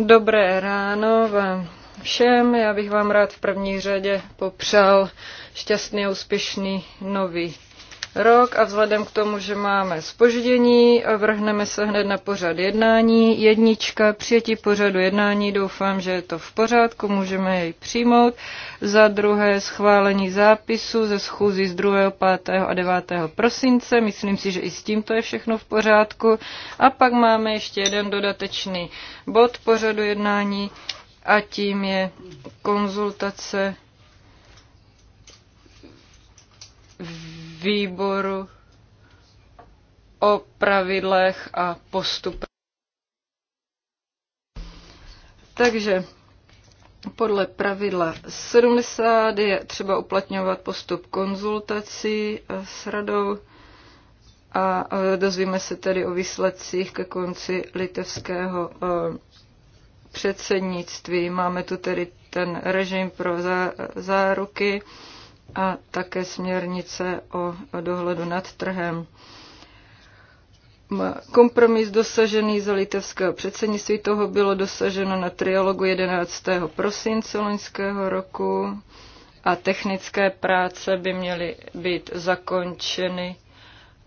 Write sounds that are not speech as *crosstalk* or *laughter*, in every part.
Dobré ráno vám všem. Já bych vám rád v první řadě popřál šťastný a úspěšný nový rok a vzhledem k tomu, že máme spoždění, vrhneme se hned na pořad jednání. Jednička přijetí pořadu jednání, doufám, že je to v pořádku, můžeme jej přijmout. Za druhé schválení zápisu ze schůzí z 2., 5. a 9. prosince. Myslím si, že i s tímto je všechno v pořádku. A pak máme ještě jeden dodatečný bod pořadu jednání a tím je konzultace výboru o pravidlech a postupech. Takže podle pravidla 70 je třeba uplatňovat postup konzultací s radou a e, dozvíme se tedy o výsledcích ke konci litevského e, předsednictví. Máme tu tedy ten režim pro záruky a také směrnice o dohledu nad trhem. Kompromis dosažený za litevského předsednictví toho bylo dosaženo na trialogu 11. prosince loňského roku a technické práce by měly být zakončeny,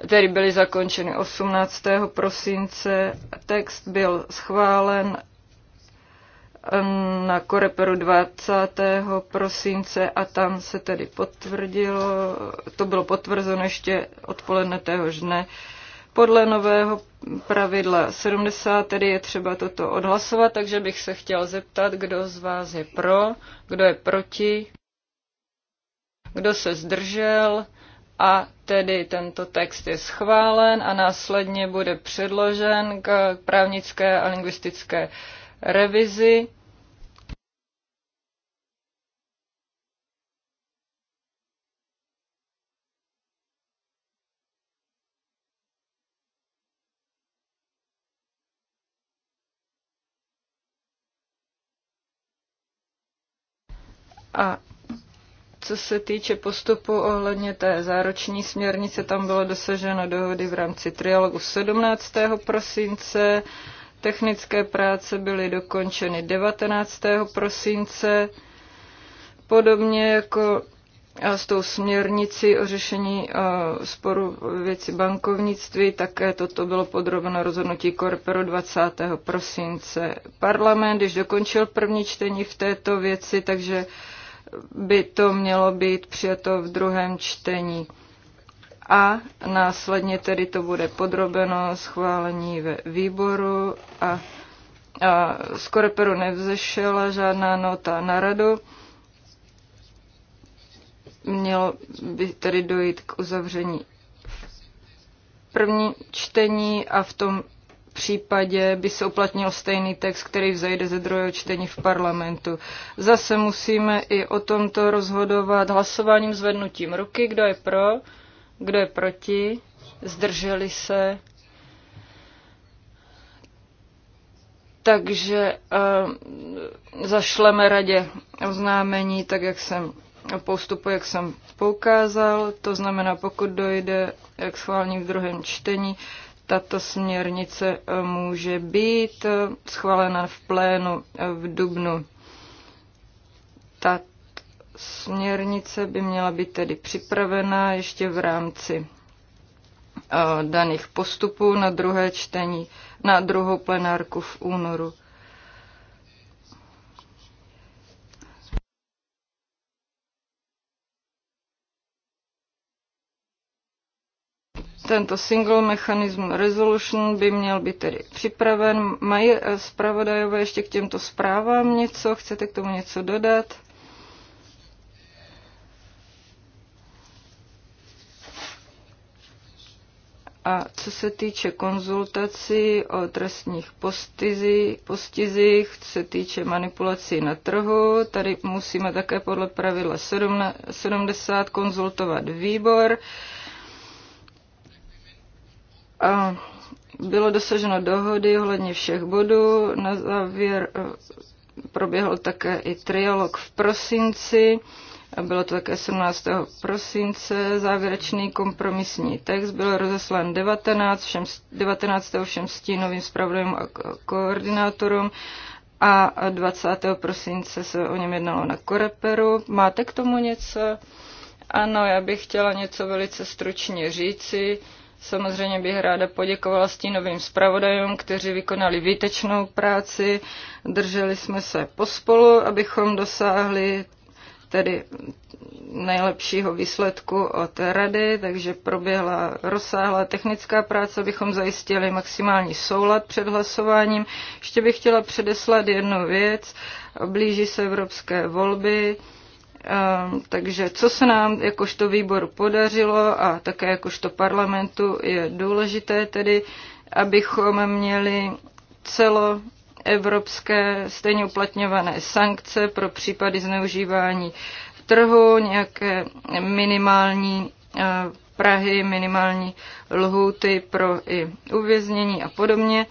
který byly zakončeny 18. prosince. Text byl schválen Ehm, na Koreperu 20. prosince a tam se tedy potvrdilo, to bylo potvrzeno ještě odpoledne téhož dne. Podle nového pravidla 70 tedy je třeba toto odhlasovat, takže bych se chtěl zeptat, kdo z vás je pro, kdo je proti, kdo se zdržel a tedy tento text je schválen a následně bude předložen k právnické a lingvistické uh, revizi A co se týče postupu ohledně té zároční směrnice, tam bylo dosaženo dohody v rámci trialogu 17. prosince. Technické práce byly dokončeny 19. prosince, podobně jako s tou směrnicí o řešení sporu věci bankovnictví, také toto bylo podrobeno rozhodnutí Korpero 20. prosince. Parlament, když dokončil první čtení v této věci, takže by to mělo být přijato v druhém čtení a následně tedy to bude podrobeno schválení ve výboru a, a z Koreperu nevzešela žádná nota na radu. Mělo by tedy dojít k uzavření první čtení a v tom případě by se uplatnil stejný text, který vzejde ze druhého čtení v parlamentu. Zase musíme i o tomto rozhodovat hlasováním zvednutím ruky. Kdo je pro? Kdo je proti? Zdrželi se? Takže uh, zašleme radě oznámení, tak jak jsem postupu, jak jsem poukázal. To znamená, pokud dojde k schválení v druhém čtení, tato směrnice eh, může být eh, schválena v plénu v Dubnu. Tak směrnice by měla být tedy připravena ještě v rámci eh, daných postupů na druhé čtení, na druhou plenárku v únoru. Tento single mechanism resolution by měl být tedy připraven. Mají eh, zpravodajové ještě k těmto zprávám něco? Chcete k tomu něco dodat? A co se týče konzultací o trestních postizi, postizích, co se týče manipulací na trhu, tady musíme také podle pravidla 70 konzultovat výbor. A bylo dosaženo dohody ohledně všech bodů. Na závěr eh, proběhl také i trialog v prosinci. Bylo to také 17. prosince. Závěrečný kompromisní text byl rozeslán 19. Všem, 19. všem stínovým zpravodajům a koordinátorům a 20. prosince se o něm jednalo na Koreperu. Máte k tomu něco? Ano, já bych chtěla něco velice stručně říci. Samozřejmě bych ráda poděkovala stínovým zpravodajům, kteří vykonali výtečnou práci. Drželi jsme se pospolu, abychom dosáhli tedy nejlepšího výsledku od rady, takže proběhla rozsáhlá technická práce, abychom zajistili maximální soulad před hlasováním. Ještě bych chtěla předeslat jednu věc. Blíží se evropské volby, ehm, takže co se nám jakožto výboru podařilo a také jakožto parlamentu je důležité tedy, abychom měli celo evropské stejně uplatňované sankce pro případy zneužívání trhu, nějaké minimální eh, Prahy, minimální lhuty pro i uvěznění a podobně.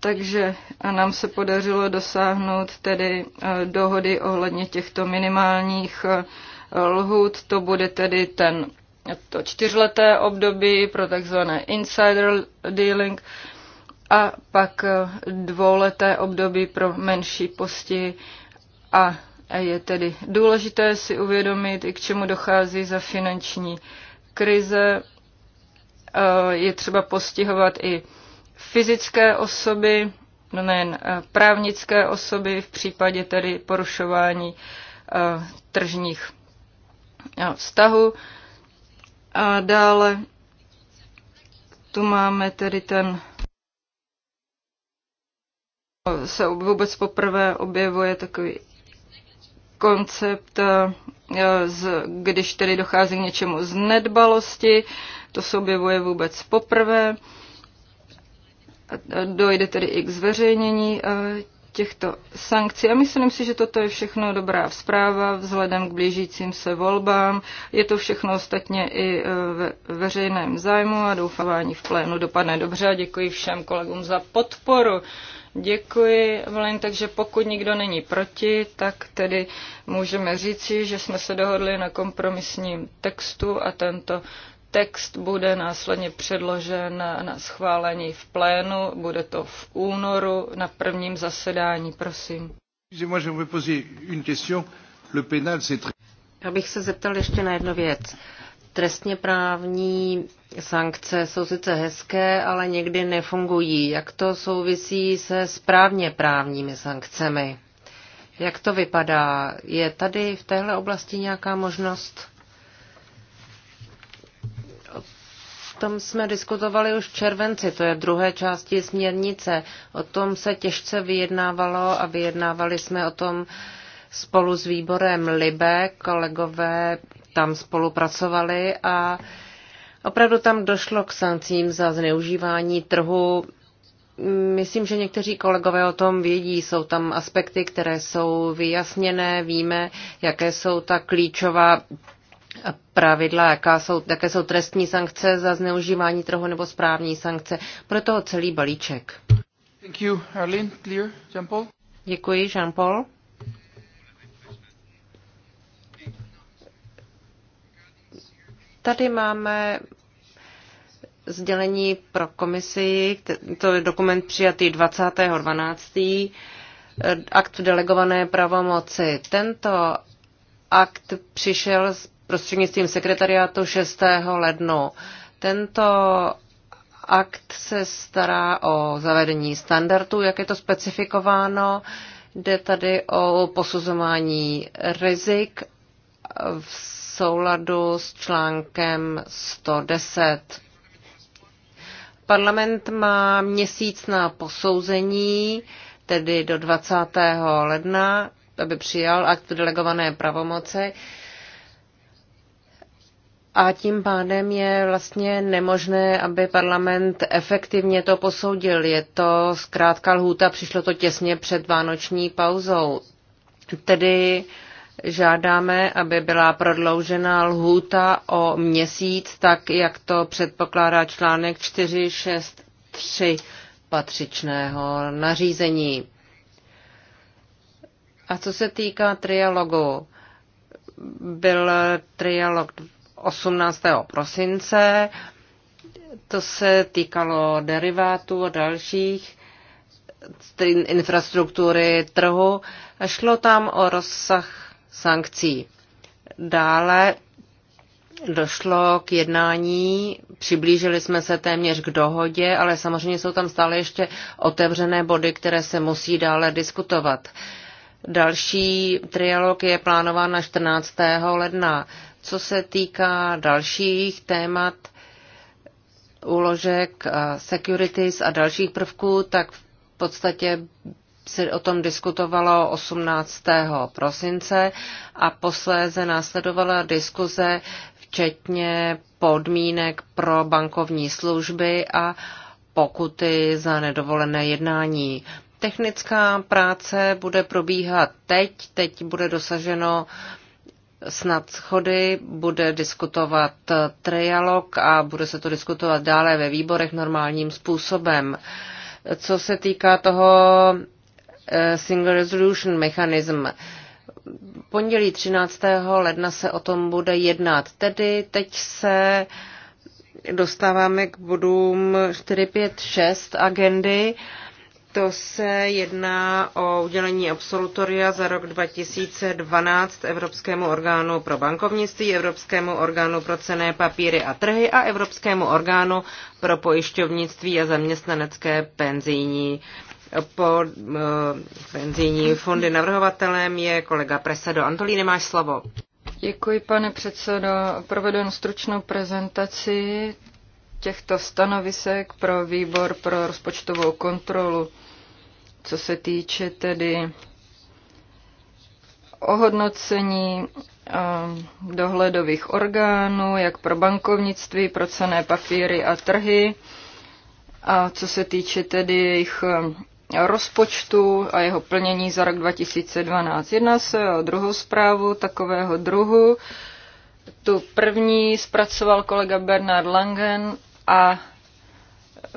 Takže nám se podařilo dosáhnout tedy eh, dohody ohledně těchto minimálních eh, lhut. To bude tedy ten to čtyřleté období pro takzvané insider dealing, a pak eh, dvouleté období pro menší posti a je tedy důležité si uvědomit, i k čemu dochází za finanční krize. Eh, je třeba postihovat i fyzické osoby, no nejen eh, právnické osoby v případě tedy porušování tržních vztahů. A dále tu máme tedy ten se vůbec poprvé objevuje takový koncept, eh, z, když tedy dochází k něčemu z nedbalosti, to se objevuje vůbec poprvé, dojde tedy i k zveřejnění eh, těchto sankcí. A myslím si, že toto je všechno dobrá zpráva vzhledem k blížícím se volbám. Je to všechno ostatně i eh, ve veřejném zájmu a doufávání v plénu dopadne dobře. A děkuji všem kolegům za podporu. Děkuji, Volin, takže pokud nikdo není proti, tak tedy můžeme říci, že jsme se dohodli na kompromisním textu a tento text bude následně předložen na schválení v plénu, bude to v únoru na prvním zasedání, prosím. Já bych se zeptal ještě na jednu věc trestně právní sankce jsou sice hezké, ale někdy nefungují. Jak to souvisí se správně právními sankcemi? Jak to vypadá? Je tady v téhle oblasti nějaká možnost? O tom jsme diskutovali už v červenci, to je v druhé části směrnice. O tom se těžce vyjednávalo a vyjednávali jsme o tom spolu s výborem Libe. Kolegové tam spolupracovali a opravdu tam došlo k sankcím za zneužívání trhu. Myslím, že někteří kolegové o tom vědí. Jsou tam aspekty, které jsou vyjasněné, víme, jaké jsou ta klíčová pravidla, jaká jsou, jaké jsou trestní sankce za zneužívání trhu nebo správní sankce. Proto celý balíček. Thank you, Arlene. Clear, Jean-Paul? Děkuji, Jean-Paul. Tady máme sdělení pro komisi, to je dokument přijatý 20.12. Akt delegované pravomoci. Tento akt přišel s prostřednictvím sekretariátu 6. lednu. Tento akt se stará o zavedení standardů, jak je to specifikováno. Jde tady o posuzování rizik v souladu s článkem 110. Parlament má měsíc na posouzení, tedy do 20. ledna, aby přijal akt delegované pravomoci. A tím pádem je vlastně nemožné, aby parlament efektivně to posoudil. Je to zkrátka lhůta, přišlo to těsně před vánoční pauzou. Tedy žádáme, aby byla prodloužena lhůta o měsíc, tak jak to předpokládá článek 463 patřičného nařízení. A co se týká trialogu, byl trialog 18. prosince, to se týkalo derivátů a dalších infrastruktury trhu. Šlo tam o rozsah sankcí. Dále došlo k jednání, přiblížili jsme se téměř k dohodě, ale samozřejmě jsou tam stále ještě otevřené body, které se musí dále diskutovat. Další trialog je plánován na 14. ledna. Co se týká dalších témat, úložek, securities a dalších prvků, tak v podstatě se o tom diskutovalo 18. prosince a posléze následovala diskuze včetně podmínek pro bankovní služby a pokuty za nedovolené jednání. Technická práce bude probíhat teď, teď bude dosaženo snad schody, bude diskutovat trialog a bude se to diskutovat dále ve výborech normálním způsobem. Co se týká toho Eh, Single Resolution Mechanism. Pondělí 13. ledna se o tom bude jednat. Tedy teď se dostáváme k bodům 4, 5, 6 agendy. To se jedná o udělení absolutoria za rok 2012 Evropskému orgánu pro bankovnictví, Evropskému orgánu pro cené papíry a trhy a Evropskému orgánu pro pojišťovnictví a zaměstnanecké penzijní po eh, penzijní fondy. Navrhovatelem je kolega Presedo. Antolí, nemáš slovo. Děkuji, pane předsedo. Provedu jen stručnou prezentaci těchto stanovisek pro výbor pro rozpočtovou kontrolu, co se týče tedy ohodnocení eh, dohledových orgánů, jak pro bankovnictví, pro cené papíry a trhy. A co se týče tedy jejich eh, rozpočtu a jeho plnění za rok 2012. Jedná se o druhou zprávu takového druhu. Tu první zpracoval kolega Bernard Langen a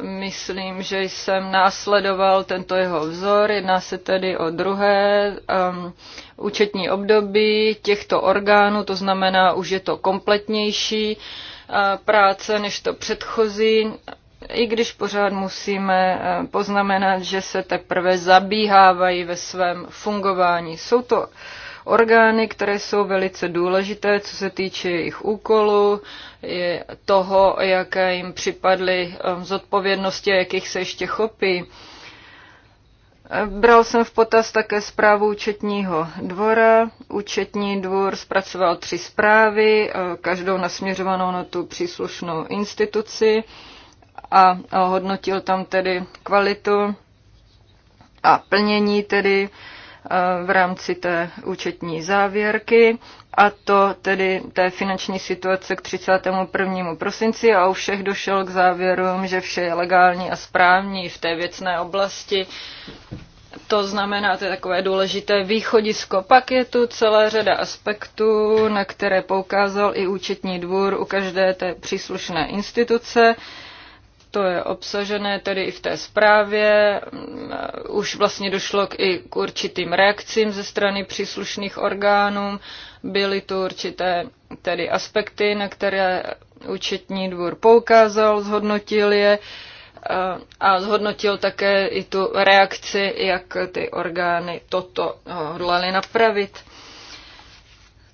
myslím, že jsem následoval tento jeho vzor. Jedná se tedy o druhé um, účetní období těchto orgánů, to znamená, už je to kompletnější uh, práce než to předchozí i když pořád musíme eh, poznamenat, že se teprve zabíhávají ve svém fungování. Jsou to orgány, které jsou velice důležité, co se týče jejich úkolu, je toho, jaké jim připadly eh, zodpovědnosti a jakých se ještě chopí. Eh, bral jsem v potaz také zprávu účetního dvora. Účetní dvůr zpracoval tři zprávy, každou nasměřovanou na tu příslušnou instituci a hodnotil tam tedy kvalitu a plnění tedy e, v rámci té účetní závěrky a to tedy té finanční situace k 31. prosinci a u všech došel k závěrům, že vše je legální a správní v té věcné oblasti. To znamená, to je takové důležité východisko. Pak je tu celá řada aspektů, na které poukázal i účetní dvůr u každé té příslušné instituce. To je obsažené tedy i v té zprávě. Mm, už vlastně došlo k, i k určitým reakcím ze strany příslušných orgánů. Byly tu určité tedy aspekty, na které účetní dvůr poukázal, zhodnotil je eh, a zhodnotil také i tu reakci, jak ty orgány toto hodlali napravit.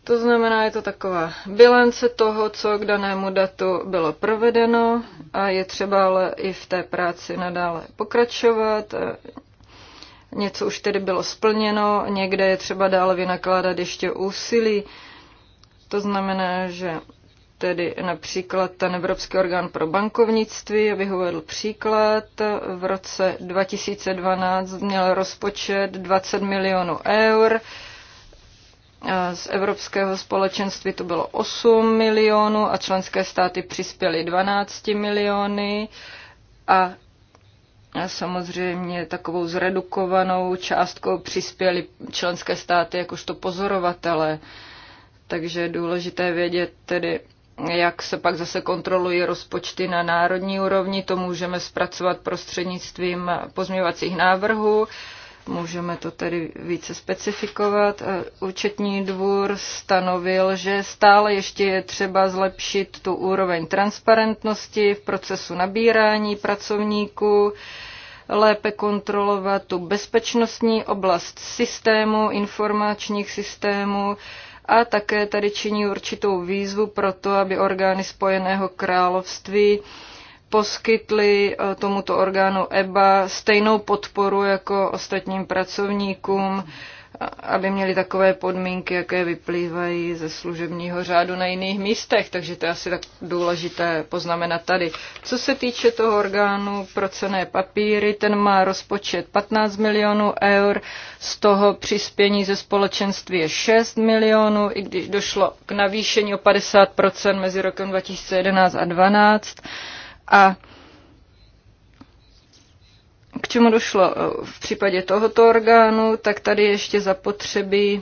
To znamená, je to taková bilance toho, co k danému datu bylo provedeno a je třeba ale i v té práci nadále pokračovat. Něco už tedy bylo splněno, někde je třeba dále vynakládat ještě úsilí. To znamená, že tedy například ten Evropský orgán pro bankovnictví, abych uvedl příklad, v roce 2012 měl rozpočet 20 milionů eur, z Evropského společenství to bylo 8 milionů a členské státy přispěly 12 miliony a samozřejmě takovou zredukovanou částkou přispěly členské státy jakožto pozorovatele. Takže je důležité vědět tedy, jak se pak zase kontrolují rozpočty na národní úrovni. To můžeme zpracovat prostřednictvím pozměvacích návrhů. Můžeme to tedy více specifikovat. Eh, Účetní dvůr stanovil, že stále ještě je třeba zlepšit tu úroveň transparentnosti v procesu nabírání pracovníků, lépe kontrolovat tu bezpečnostní oblast systému, informačních systémů a také tady činí určitou výzvu pro to, aby orgány Spojeného království poskytli eh, tomuto orgánu EBA stejnou podporu jako ostatním pracovníkům, aby měli takové podmínky, jaké vyplývají ze služebního řádu na jiných místech, takže to je asi tak důležité poznamenat tady. Co se týče toho orgánu pro cené papíry, ten má rozpočet 15 milionů eur, z toho přispění ze společenství je 6 milionů, i když došlo k navýšení o 50% mezi rokem 2011 a 2012 a k čemu došlo e, v případě tohoto orgánu, tak tady ještě zapotřebí e,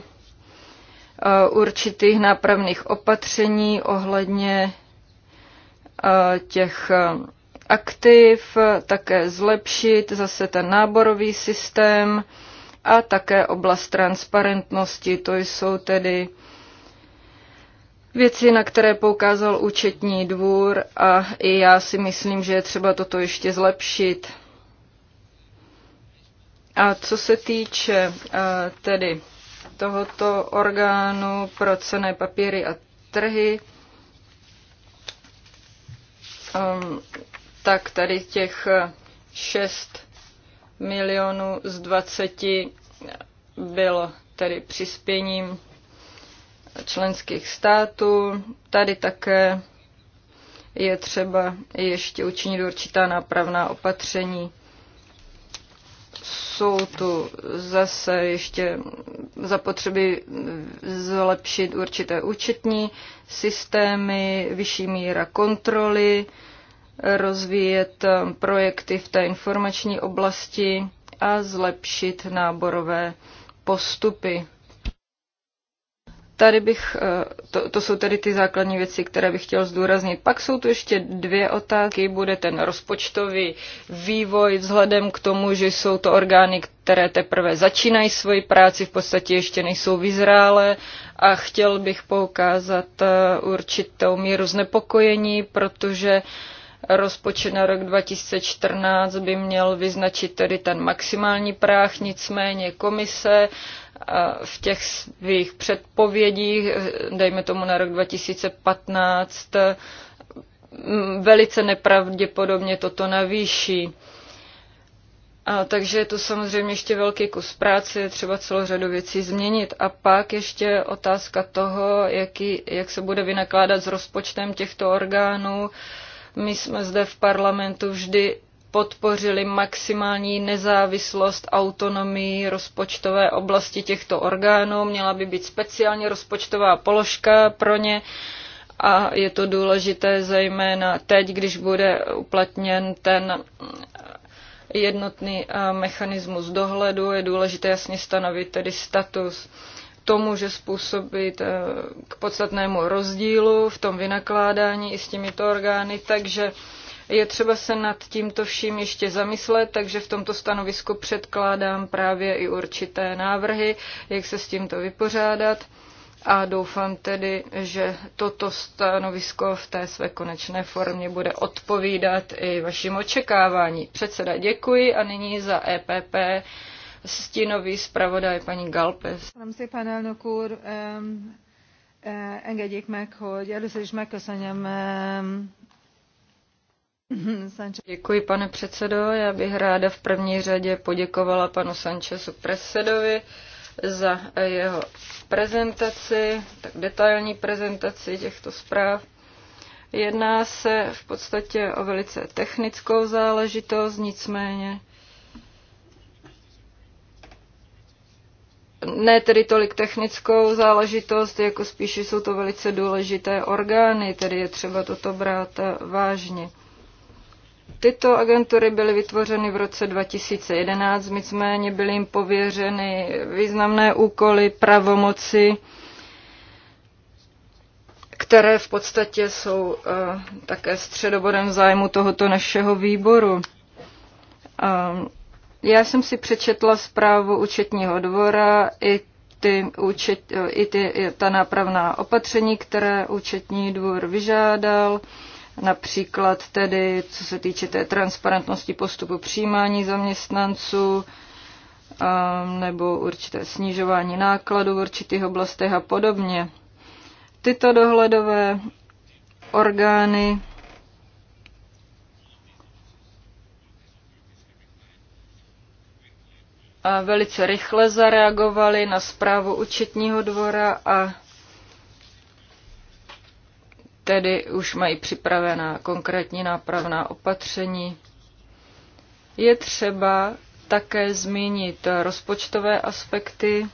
určitých nápravných opatření ohledně e, těch aktiv, také zlepšit zase ten náborový systém a také oblast transparentnosti. To jsou tedy věci, na které poukázal účetní dvůr a i já si myslím, že je třeba toto ještě zlepšit. A co se týče tedy tohoto orgánu pro cené papíry a trhy, um, tak tady těch 6 milionů z 20 bylo tedy přispěním členských států. Tady také je třeba ještě učinit určitá nápravná opatření. Jsou tu zase ještě zapotřeby zlepšit určité účetní systémy, vyšší míra kontroly, rozvíjet um, projekty v té informační oblasti a zlepšit náborové postupy. Tady bych, eh, to, to jsou tady ty základní věci, které bych chtěl zdůraznit. Pak jsou tu ještě dvě otázky. Bude ten rozpočtový vývoj vzhledem k tomu, že jsou to orgány, které teprve začínají svoji práci, v podstatě ještě nejsou vyzrále a chtěl bych poukázat eh, určitou míru znepokojení, protože uh, Rozpočet na rok 2014 by měl vyznačit tedy ten maximální práh, nicméně komise v těch svých předpovědích, dejme tomu na rok 2015, velice nepravděpodobně toto navýší. A, takže je to samozřejmě ještě velký kus práce, je třeba celou řadu věcí změnit. A pak ještě otázka toho, jaký, jak se bude vynakládat s rozpočtem těchto orgánů. Uh, my jsme zde v parlamentu vždy podpořili maximální nezávislost, autonomii rozpočtové oblasti těchto orgánů. Měla by být speciálně rozpočtová položka pro ně a je to důležité zejména teď, když bude uplatněn ten jednotný eh, mechanismus dohledu, je důležité jasně stanovit tedy status to může způsobit eh, k podstatnému rozdílu v tom vynakládání i s těmito orgány, takže je třeba se nad tímto vším ještě zamyslet, takže v tomto stanovisku předkládám právě i určité návrhy, jak se s tímto vypořádat a doufám tedy, že toto stanovisko v té své konečné formě bude odpovídat i vašim očekávání. Předseda děkuji a nyní za EPP stínový zpravodaj paní Galpes. E, engedjék meg, hogy először is megköszönjem *clears throat* Děkuji, pane předsedo. Já bych ráda v první řadě poděkovala panu Sanchezu Presedovi za jeho prezentaci, tak detailní prezentaci těchto zpráv. Jedná se v podstatě o velice technickou záležitost, nicméně ne tedy tolik technickou záležitost, jako spíše jsou to velice důležité orgány, tedy je třeba toto brát vážně. Tyto agentury byly vytvořeny v roce 2011, nicméně byly jim pověřeny významné úkoly, pravomoci, které v podstatě jsou uh, také středobodem zájmu tohoto našeho výboru. Uh, já jsem si přečetla zprávu účetního dvora i ty, účet, i ty, ta nápravná opatření, které účetní dvůr vyžádal, například tedy, co se týče té transparentnosti postupu přijímání zaměstnanců, um, nebo určité snižování nákladů v určitých oblastech a podobně. Tyto dohledové orgány velice rychle zareagovali na zprávu účetního dvora a tedy už mají připravená konkrétní nápravná opatření. Je třeba také zmínit rozpočtové aspekty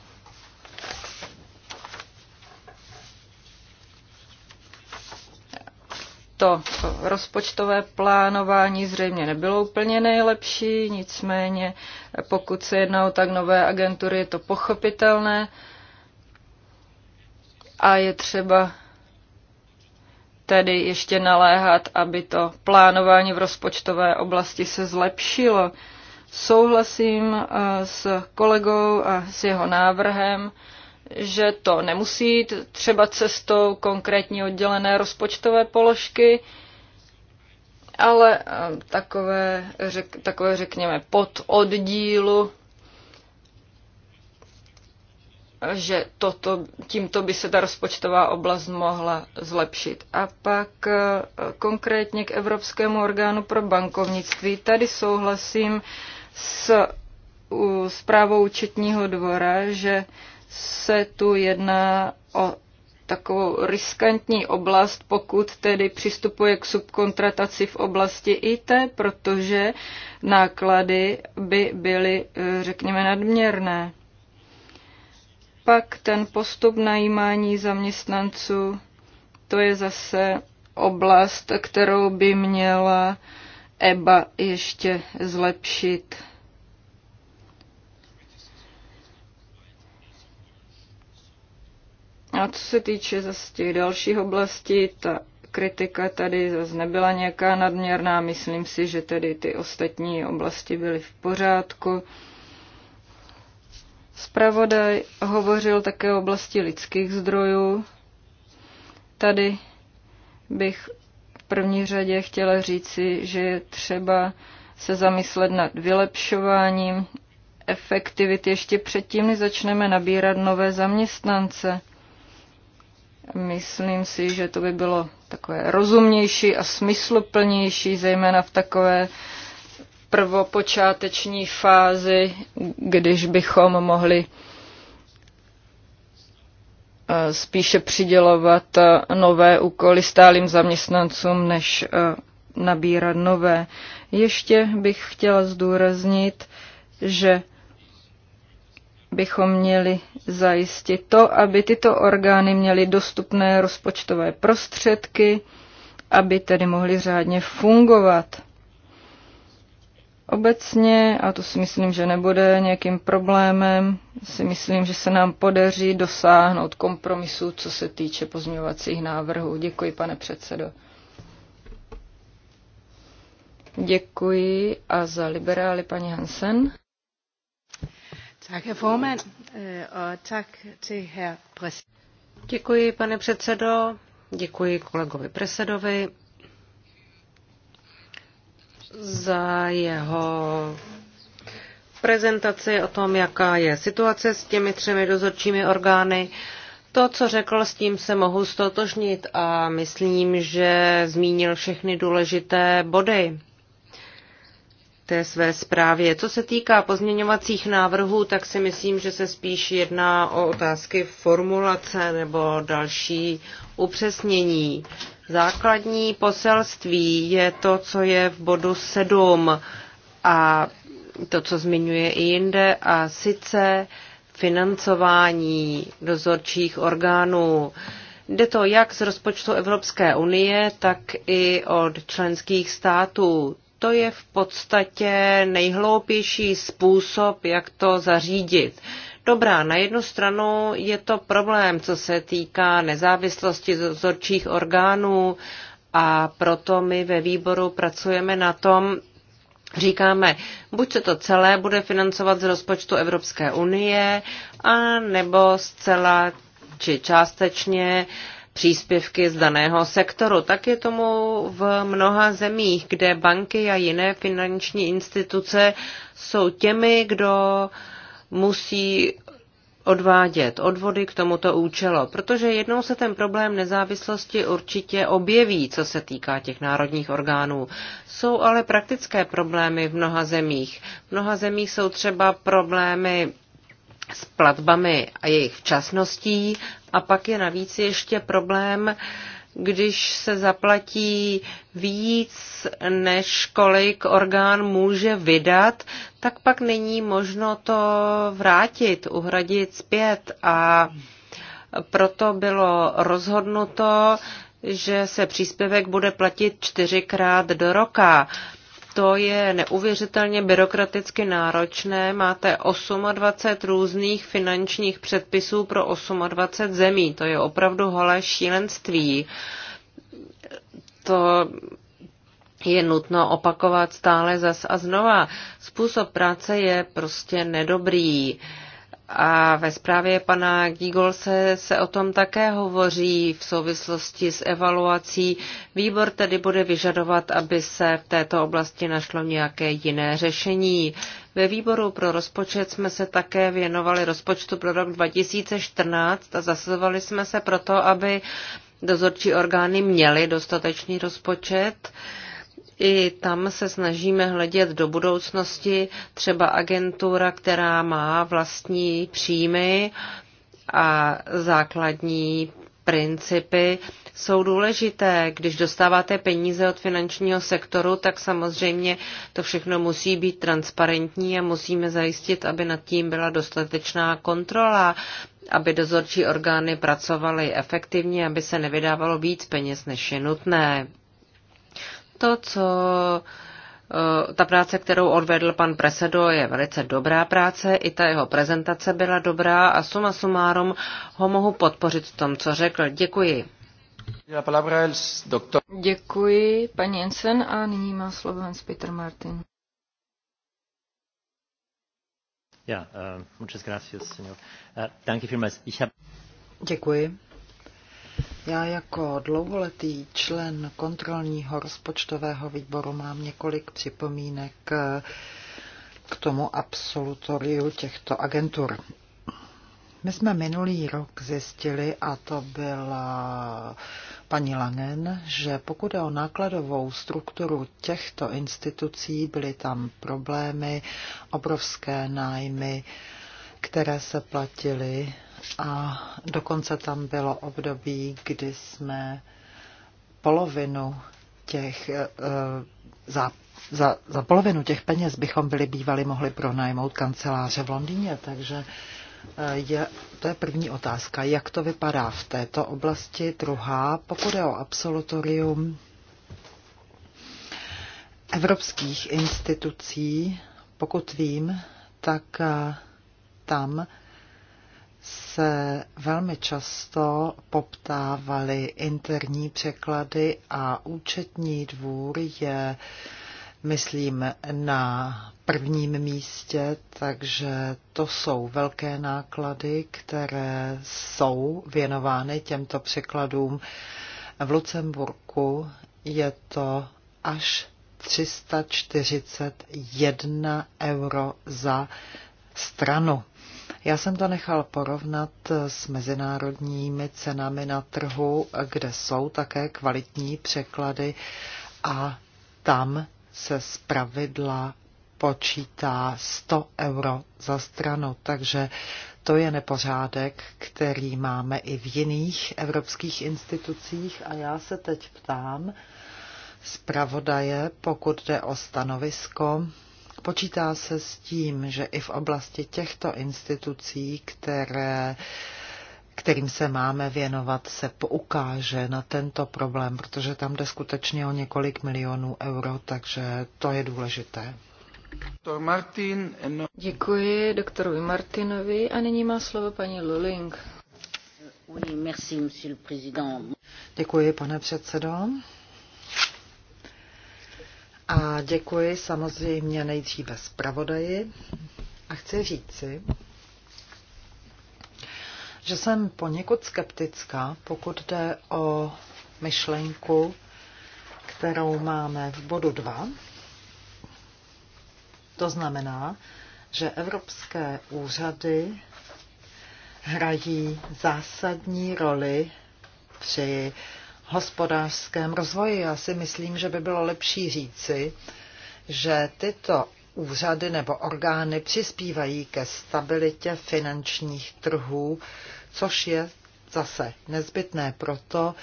to rozpočtové plánování zřejmě nebylo úplně nejlepší, nicméně pokud se jedná o tak nové agentury, je to pochopitelné a je třeba tedy ještě naléhat, aby to plánování v rozpočtové oblasti se zlepšilo. Souhlasím eh, s kolegou a s jeho návrhem, že to nemusí jít třeba cestou konkrétní oddělené rozpočtové položky, ale eh, takové, řek, takové řekněme pod oddílu, že toto, tímto by se ta rozpočtová oblast mohla zlepšit. A pak eh, konkrétně k Evropskému orgánu pro bankovnictví. Tady souhlasím s zprávou účetního dvora, že se tu jedná o takovou riskantní oblast, pokud tedy přistupuje k subkontrataci v oblasti IT, protože náklady by byly, eh, řekněme, nadměrné. Pak ten postup najímání zaměstnanců, to je zase oblast, kterou by měla EBA ještě zlepšit. A co se týče zase těch dalších oblastí, ta kritika tady zase nebyla nějaká nadměrná. Myslím si, že tedy ty ostatní oblasti byly v pořádku. Spravodaj hovořil také o oblasti lidských zdrojů. Tady bych v první řadě chtěla říci, že je třeba se zamyslet nad vylepšováním efektivity ještě předtím, než začneme nabírat nové zaměstnance. Myslím si, že to by bylo takové rozumnější a smysluplnější, zejména v takové prvopočáteční fázi, když bychom mohli eh, spíše přidělovat eh, nové úkoly stálým zaměstnancům, než eh, nabírat nové. Ještě bych chtěla zdůraznit, že bychom měli zajistit to, aby tyto orgány měly dostupné rozpočtové prostředky, aby tedy mohly řádně fungovat. Obecně, a to si myslím, že nebude nějakým problémem, si myslím, že se nám podaří dosáhnout kompromisu, co se týče pozměňovacích návrhů. Děkuji, pane předsedo. Děkuji a za liberály paní Hansen. Øh, Děkuji, pane předsedo. Děkuji kolegovi Presedovi za jeho prezentaci o tom, jaká je situace s těmi třemi dozorčími orgány. To, co řekl, s tím se mohu stotožnit a myslím, že zmínil všechny důležité body té své zprávě. Co se týká pozměňovacích návrhů, tak si myslím, že se spíš jedná o otázky formulace nebo další upřesnění. Základní poselství je to, co je v bodu 7 a to, co zmiňuje i jinde, a sice financování dozorčích orgánů. Jde to jak z rozpočtu Evropské unie, tak i od členských států to je v podstatě nejhloupější způsob, jak to zařídit. Dobrá, na jednu stranu je to problém, co se týká nezávislosti zorčích orgánů a proto my ve výboru pracujeme na tom, Říkáme, buď se to celé bude financovat z rozpočtu Evropské unie, a nebo zcela či částečně uh, příspěvky z daného sektoru. Tak je tomu v mnoha zemích, kde banky a jiné finanční instituce jsou těmi, kdo musí odvádět odvody k tomuto účelu, protože jednou se ten problém nezávislosti určitě objeví, co se týká těch národních orgánů. Jsou ale praktické problémy v mnoha zemích. V mnoha zemích jsou třeba problémy s platbami a jejich včasností a pak je navíc ještě problém, když se zaplatí víc, než kolik orgán může vydat, tak pak není možno to vrátit, uhradit zpět. A proto bylo rozhodnuto, že se příspěvek bude platit čtyřikrát do roka. To je neuvěřitelně byrokraticky náročné. Máte 28 různých finančních předpisů pro 28 zemí. To je opravdu holé šílenství. To je nutno opakovat stále zas a znova. Způsob práce je prostě nedobrý. Uh, a ve zprávě pana Gigolse se o tom také hovoří v souvislosti s evaluací. Výbor tedy bude vyžadovat, aby se v této oblasti našlo nějaké jiné řešení. Ve výboru pro rozpočet jsme se také věnovali rozpočtu pro rok 2014 a zasazovali jsme se proto, aby dozorčí orgány měly dostatečný rozpočet. Uh, i tam se snažíme hledět do budoucnosti, třeba agentura, která má vlastní příjmy a základní principy jsou důležité. Když dostáváte peníze od finančního sektoru, tak samozřejmě to všechno musí být transparentní a musíme zajistit, aby nad tím byla dostatečná kontrola, aby dozorčí orgány pracovaly efektivně, aby se nevydávalo víc peněz, než je nutné. To, co eh, ta práce, kterou odvedl pan Presedo, je velice dobrá práce, i ta jeho prezentace byla dobrá a suma sumárom ho mohu podpořit v tom, co řekl. Děkuji. Děkuji, paní Jensen, a nyní má slovo Hans Peter Martin. Eh, eh, Děkuji. Já jako dlouholetý člen kontrolního rozpočtového výboru mám několik připomínek k tomu absolutoriu těchto agentur. My jsme minulý rok zjistili, a to byla paní Langen, že pokud je o nákladovou strukturu těchto institucí, byly tam problémy, obrovské nájmy, které se platily a dokonce tam bylo období, kdy jsme polovinu těch eh, za, za, za polovinu těch peněz bychom byli bývali mohli pronajmout kanceláře v Londýně, takže eh, je, to je první otázka. Jak to vypadá v této oblasti? Druhá, pokud je o absolutorium evropských institucí, pokud vím, tak eh, tam se velmi často poptávaly interní překlady a účetní dvůr je, myslím, na prvním místě, takže to jsou velké náklady, které jsou věnovány těmto překladům. V Lucemburku je to až 341 euro za stranu. Já jsem to nechal porovnat s mezinárodními cenami na trhu, kde jsou také kvalitní překlady a tam se z pravidla počítá 100 euro za stranu, takže to je nepořádek, který máme i v jiných evropských institucích a já se teď ptám zpravodaje, pokud jde o stanovisko, Počítá se s tím, že i v oblasti těchto institucí, které kterým se máme věnovat, se poukáže na tento problém, protože tam jde skutečně o několik milionů euro, takže to je důležité. No- Děkuji doktorovi Martinovi a nyní má slovo paní Luling. Děkuji, pane předsedo. A děkuji samozřejmě nejdříve zpravodaji. A chci říci, že jsem poněkud skeptická, pokud jde o myšlenku, kterou máme v bodu 2. To znamená, že evropské úřady hrají zásadní roli při uh, hospodářském rozvoji. Já si myslím, že by bylo lepší říci, že tyto úřady nebo orgány přispívají ke stabilitě finančních trhů, což je zase nezbytné proto,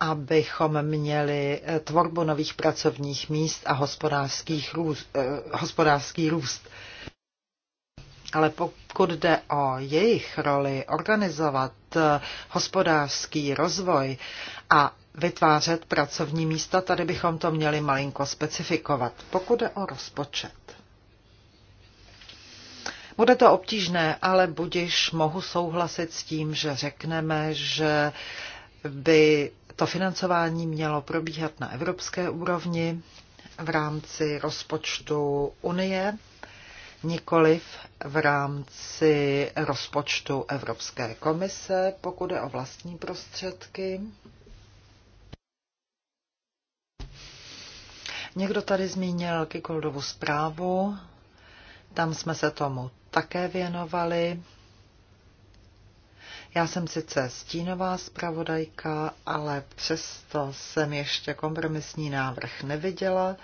abychom měli tvorbu nových pracovních míst a hospodářských růst, eh, hospodářský růst. Ale pokud jde o jejich roli organizovat Eh, hospodářský rozvoj a vytvářet pracovní místa, tady bychom to měli malinko specifikovat. Pokud jde o rozpočet. Bude to obtížné, ale budiš mohu souhlasit s tím, že řekneme, že by to financování mělo probíhat na evropské úrovni v rámci rozpočtu Unie nikoliv v rámci rozpočtu Evropské komise, pokud je o vlastní prostředky. Někdo tady zmínil Kikoldovu zprávu, tam jsme se tomu také věnovali. Já jsem sice stínová zpravodajka, ale přesto jsem ještě kompromisní návrh neviděla.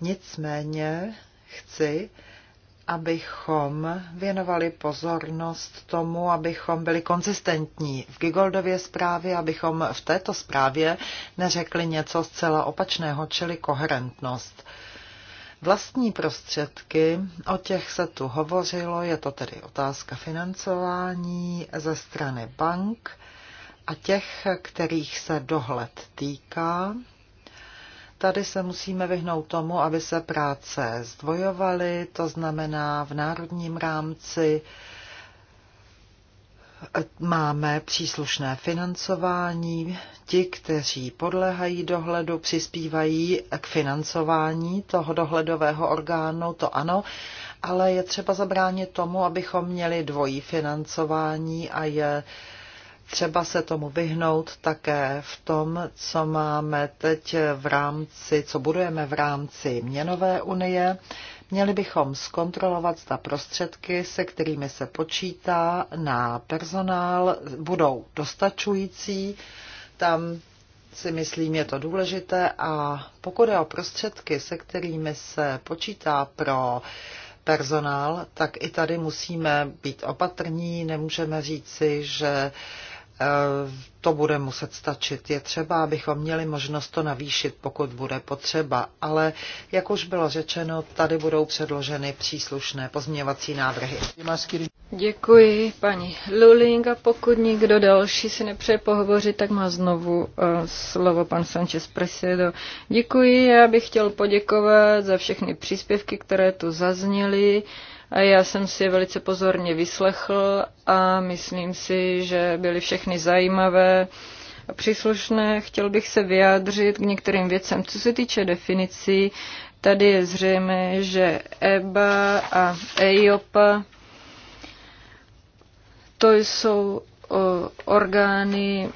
Nicméně chci, abychom věnovali pozornost tomu, abychom byli konzistentní v Gigoldově zprávě, abychom v této zprávě neřekli něco zcela opačného, čili koherentnost. Vlastní prostředky, o těch se tu hovořilo, je to tedy otázka financování ze strany bank a těch, kterých se dohled týká, Tady se musíme vyhnout tomu, aby se práce zdvojovaly, to znamená v národním rámci máme příslušné financování. Ti, kteří podléhají dohledu, přispívají k financování toho dohledového orgánu, to ano, ale je třeba zabránit tomu, abychom měli dvojí financování a je třeba se tomu vyhnout také v tom, co máme teď v rámci, co budujeme v rámci měnové unie. Měli bychom zkontrolovat, zda prostředky, se kterými se počítá na personál, budou dostačující. Tam si myslím, je to důležité. A pokud je o prostředky, se kterými se počítá pro personál, tak i tady musíme být opatrní, nemůžeme říci, že Eh, to bude muset stačit. Je třeba, abychom měli možnost to navýšit, pokud bude potřeba, ale jak už bylo řečeno, tady budou předloženy příslušné pozměňovací návrhy. Děkuji paní Luling a pokud nikdo další si nepřeje pohovořit, tak má znovu eh, slovo pan Sanchez Presedo. Děkuji, já bych chtěl poděkovat za všechny příspěvky, které tu zazněly. Já jsem si je velice pozorně vyslechl a myslím si, že byly všechny zajímavé a příslušné. Chtěl bych se vyjádřit k některým věcem. Co se týče definicí, tady je zřejmé, že EBA a EIOPA e to jsou orgány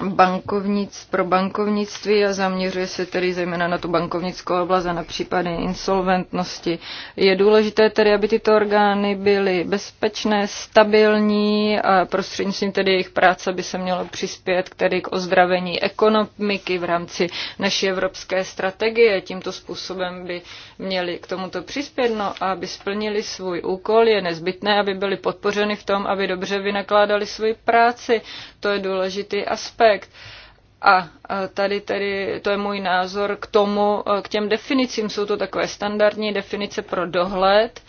bankovnic, pro bankovnictví a zaměřuje se tedy zejména na tu bankovnickou oblast a na případy insolventnosti. Je důležité tedy, aby tyto orgány byly bezpečné, stabilní a prostřednictvím tedy jejich práce by se mělo přispět k tedy k ozdravení ekonomiky v rámci naší evropské strategie. Tímto způsobem by měli k tomuto přispět no, a aby splnili svůj úkol. Je nezbytné, aby byli podpořeny v tom, aby dobře vynakládali svoji práci. To je důležitý aspekt respekt. A tady, tady to je můj názor k tomu, e, k těm definicím. Jsou to takové standardní definice pro dohled.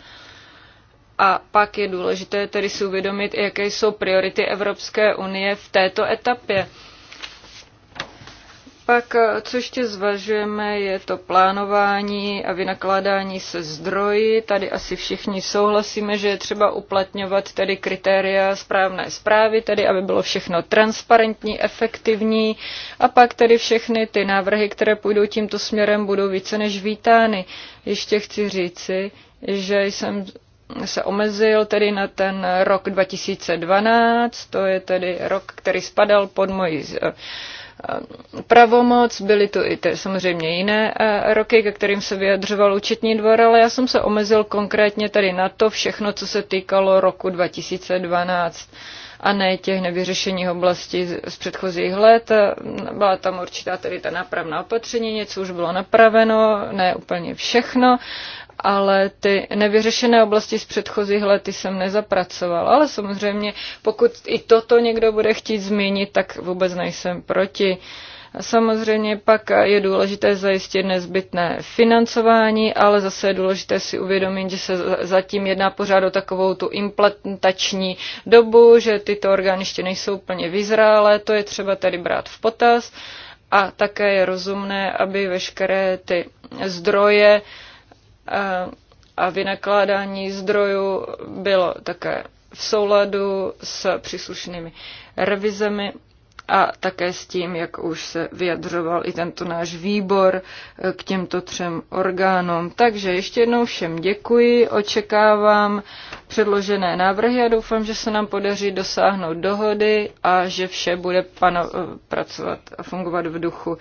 A pak je důležité tedy si uvědomit, jaké jsou priority Evropské unie v této etapě. Pak, eh, co ještě zvažujeme, je to plánování a vynakládání se zdroji. Tady asi všichni souhlasíme, že je třeba uplatňovat tedy kritéria správné zprávy, tedy aby bylo všechno transparentní, efektivní a pak tedy všechny ty návrhy, které půjdou tímto směrem, budou více než vítány. Ještě chci říci, že jsem se omezil tedy na ten rok 2012, to je tedy rok, který spadal pod moji eh, pravomoc, byly tu i ty, samozřejmě jiné e, roky, ke kterým se vyjadřoval účetní dvor, ale já jsem se omezil konkrétně tady na to všechno, co se týkalo roku 2012 a ne těch nevyřešených oblastí z předchozích let. E, byla tam určitá tedy ta nápravná opatření, něco už bylo napraveno, ne úplně všechno, ale ty nevyřešené oblasti z předchozích lety jsem nezapracoval. Ale samozřejmě, pokud i toto někdo bude chtít změnit, tak vůbec nejsem proti. A samozřejmě pak je důležité zajistit nezbytné financování, ale zase je důležité si uvědomit, že se zatím jedná pořád o takovou tu implantační dobu, že tyto orgány ještě nejsou úplně vyzrálé, to je třeba tady brát v potaz. A také je rozumné, aby veškeré ty zdroje a vynakládání zdrojů bylo také v souladu s příslušnými revizemi a také s tím, jak už se vyjadřoval i tento náš výbor eh, k těmto třem orgánům. Takže ještě jednou všem děkuji, očekávám předložené návrhy a doufám, že se nám podaří dosáhnout dohody a že vše bude pano- eh, pracovat a fungovat v duchu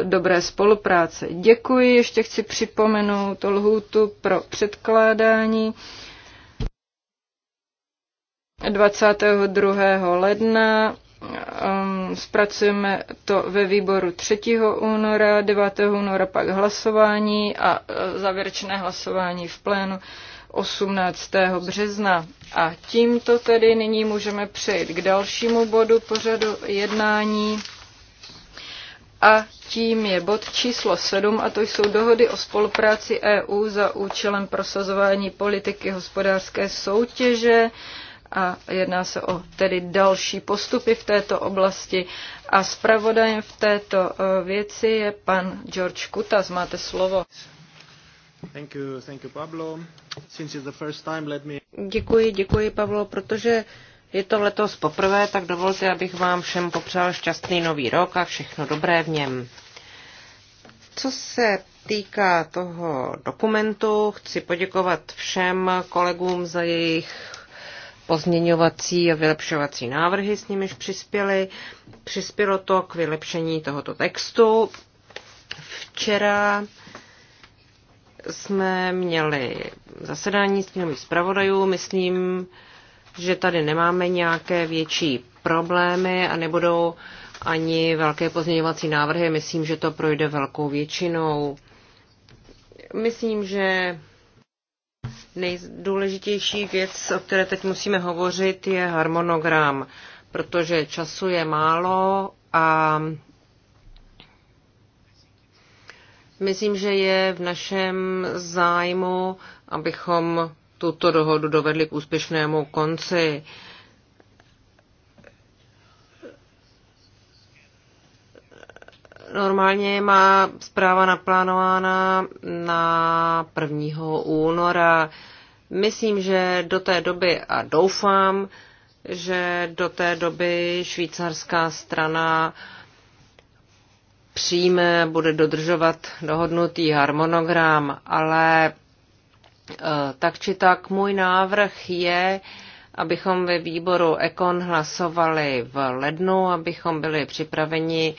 eh, dobré spolupráce. Děkuji, ještě chci připomenout to lhůtu pro předkládání. 22. ledna um, zpracujeme to ve výboru 3. února, 9. února pak hlasování a e, závěrečné hlasování v plénu 18. března. A tímto tedy nyní můžeme přejít k dalšímu bodu pořadu jednání. A tím je bod číslo 7, a to jsou dohody o spolupráci EU za účelem prosazování politiky hospodářské soutěže a jedná se o tedy další postupy v této oblasti. A zpravodajem v této eh, věci je pan George Kutas. Máte slovo. Thank you, thank you, Pablo. Since it's the first time, let me... Děkuji, děkuji, Pavlo. protože je to letos poprvé, tak dovolte, abych vám všem popřál šťastný nový rok a všechno dobré v něm. Co se týká toho dokumentu, chci poděkovat všem kolegům za jejich pozměňovací a vylepšovací návrhy, s nimiž přispěli. Přispělo to k vylepšení tohoto textu. Včera jsme měli zasedání s těmi zpravodajů. Myslím, že tady nemáme nějaké větší problémy a nebudou ani velké pozměňovací návrhy. Myslím, že to projde velkou většinou. Myslím, že Nejdůležitější věc, o které teď musíme hovořit, je harmonogram, protože času je málo a myslím, že je v našem zájmu, abychom tuto dohodu dovedli k úspěšnému konci. Uh, Normálně má zpráva naplánována na 1. února. Myslím, že do té doby a doufám, že do té doby švýcarská strana přijme, bude dodržovat dohodnutý harmonogram, ale eh, tak či tak můj návrh je, abychom ve výboru Ekon hlasovali v lednu, abychom byli připraveni uh,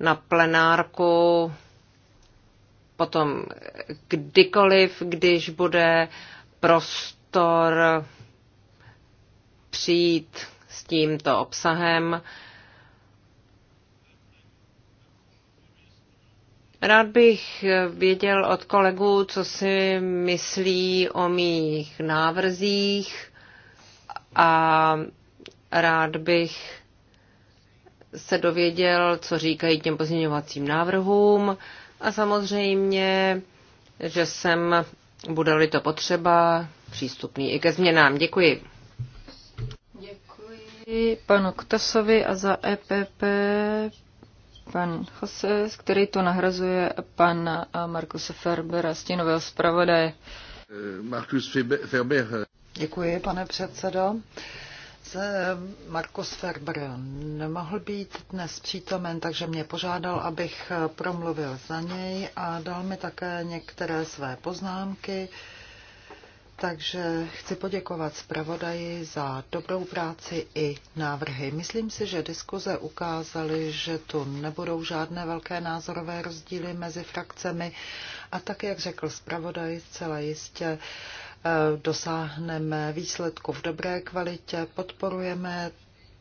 na plenárku potom kdykoliv, když bude prostor přijít s tímto obsahem. Rád bych věděl od kolegů, co si myslí o mých návrzích a rád bych se dověděl, co říkají těm pozměňovacím návrhům a samozřejmě, že jsem, bude-li to potřeba, přístupný i ke změnám. Děkuji. Děkuji panu Ktasovi a za EPP pan Jose, který to nahrazuje pan Markus eh, Ferber, stěnového zpravodaje. Markus Ferber. Děkuji, pane předsedo se Markus Ferber nemohl být dnes přítomen, takže mě požádal, abych promluvil za něj a dal mi také některé své poznámky. Takže chci poděkovat zpravodaji za dobrou práci i návrhy. Myslím si, že diskuze ukázaly, že tu nebudou žádné velké názorové rozdíly mezi frakcemi a tak, jak řekl zpravodaj, zcela jistě Eh, dosáhneme výsledku v dobré kvalitě, podporujeme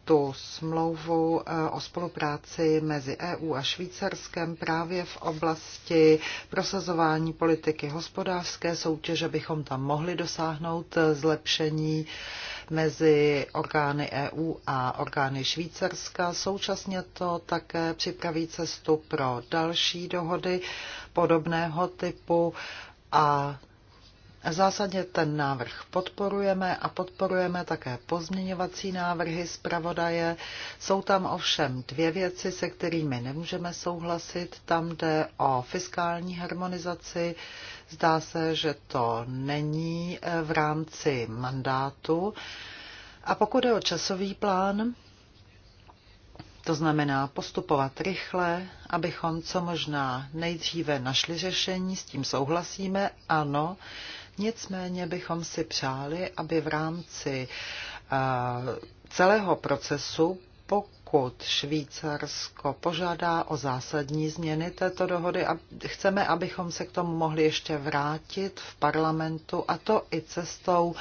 tu smlouvu eh, o spolupráci mezi EU a Švýcarskem právě v oblasti prosazování politiky hospodářské soutěže bychom tam mohli dosáhnout eh, zlepšení mezi orgány EU a orgány Švýcarska. Současně to také připraví cestu pro další dohody podobného typu a Zásadně ten návrh podporujeme a podporujeme také pozměňovací návrhy zpravodaje. Jsou tam ovšem dvě věci, se kterými nemůžeme souhlasit. Tam jde o fiskální harmonizaci. Zdá se, že to není eh, v rámci mandátu. A pokud je o časový plán, to znamená postupovat rychle, abychom co možná nejdříve našli řešení, s tím souhlasíme, ano, Nicméně bychom si přáli, aby v rámci eh, celého procesu, pokud Švýcarsko požádá o zásadní změny této dohody a chceme, abychom se k tomu mohli ještě vrátit v parlamentu a to i cestou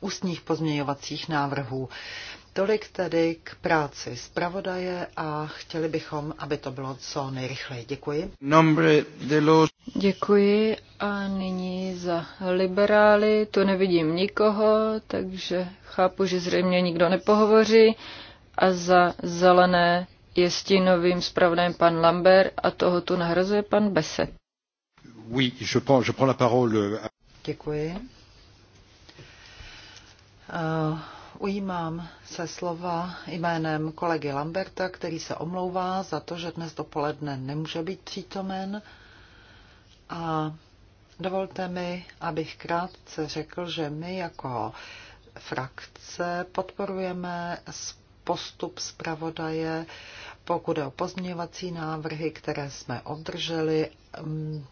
ústních pozměňovacích návrhů. Tolik tedy k práci zpravodaje a chtěli bychom, aby to bylo co nejrychleji. Děkuji. Děkuji a nyní za liberály, tu nevidím nikoho, takže chápu, že zřejmě nikdo nepohovoří. A za zelené je stínovým zpravodajem pan Lambert a toho tu nahrazuje pan Bese. Oui, je prends, je prends la parole. Euh, Děkuji. Uh, ujímám se slova jménem kolegy Lamberta, který se omlouvá za to, že dnes dopoledne nemůže být přítomen. A Dovolte mi, abych krátce řekl, že my jako frakce podporujeme postup zpravodaje, pokud je o pozměňovací návrhy, které jsme obdrželi. Mm,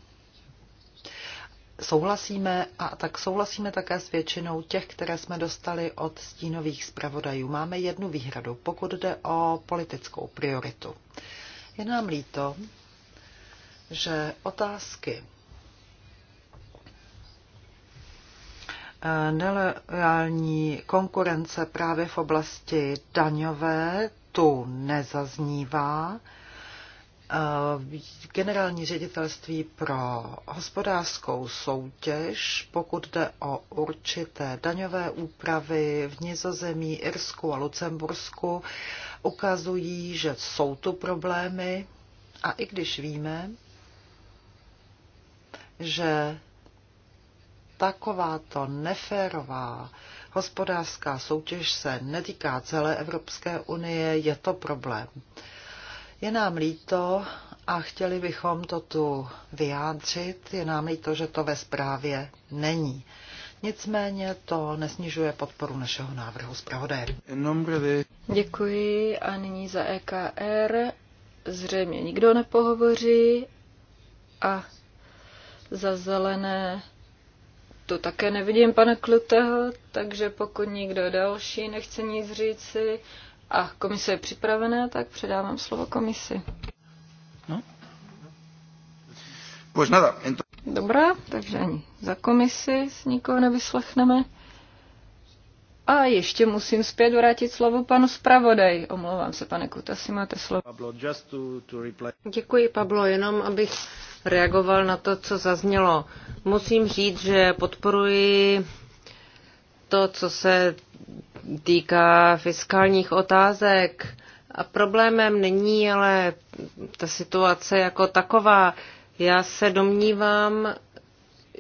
souhlasíme a tak souhlasíme také s většinou těch, které jsme dostali od stínových zpravodajů. Máme jednu výhradu, pokud jde o politickou prioritu. Je nám líto, že otázky nelojální konkurence právě v oblasti daňové tu nezaznívá. Eh, Generální ředitelství pro hospodářskou soutěž, pokud jde o určité daňové úpravy v Nizozemí, Irsku a Lucembursku, ukazují, že jsou tu problémy. A i když víme, že takováto neférová hospodářská soutěž se netýká celé Evropské unie, je to problém. Je nám líto a chtěli bychom to tu vyjádřit, je nám líto, že to ve zprávě není. Nicméně to nesnižuje podporu našeho návrhu zpravodaje. Děkuji a nyní za EKR. Zřejmě nikdo nepohovoří a za zelené tu také nevidím pana Kluteho, takže pokud nikdo další nechce nic říci a komise je připravená, tak předávám slovo komisi. No. Pues nada, ento... Dobrá, takže ani za komisi s nikoho nevyslechneme. A ještě musím zpět vrátit slovo panu zpravodaj. Omlouvám se, pane Kutasi, máte slovo. Děkuji, Pablo, jenom abych reagoval na to, co zaznělo. Musím říct, že podporuji to, co se týká fiskálních otázek. A problémem není ale ta situace jako taková. Já se domnívám,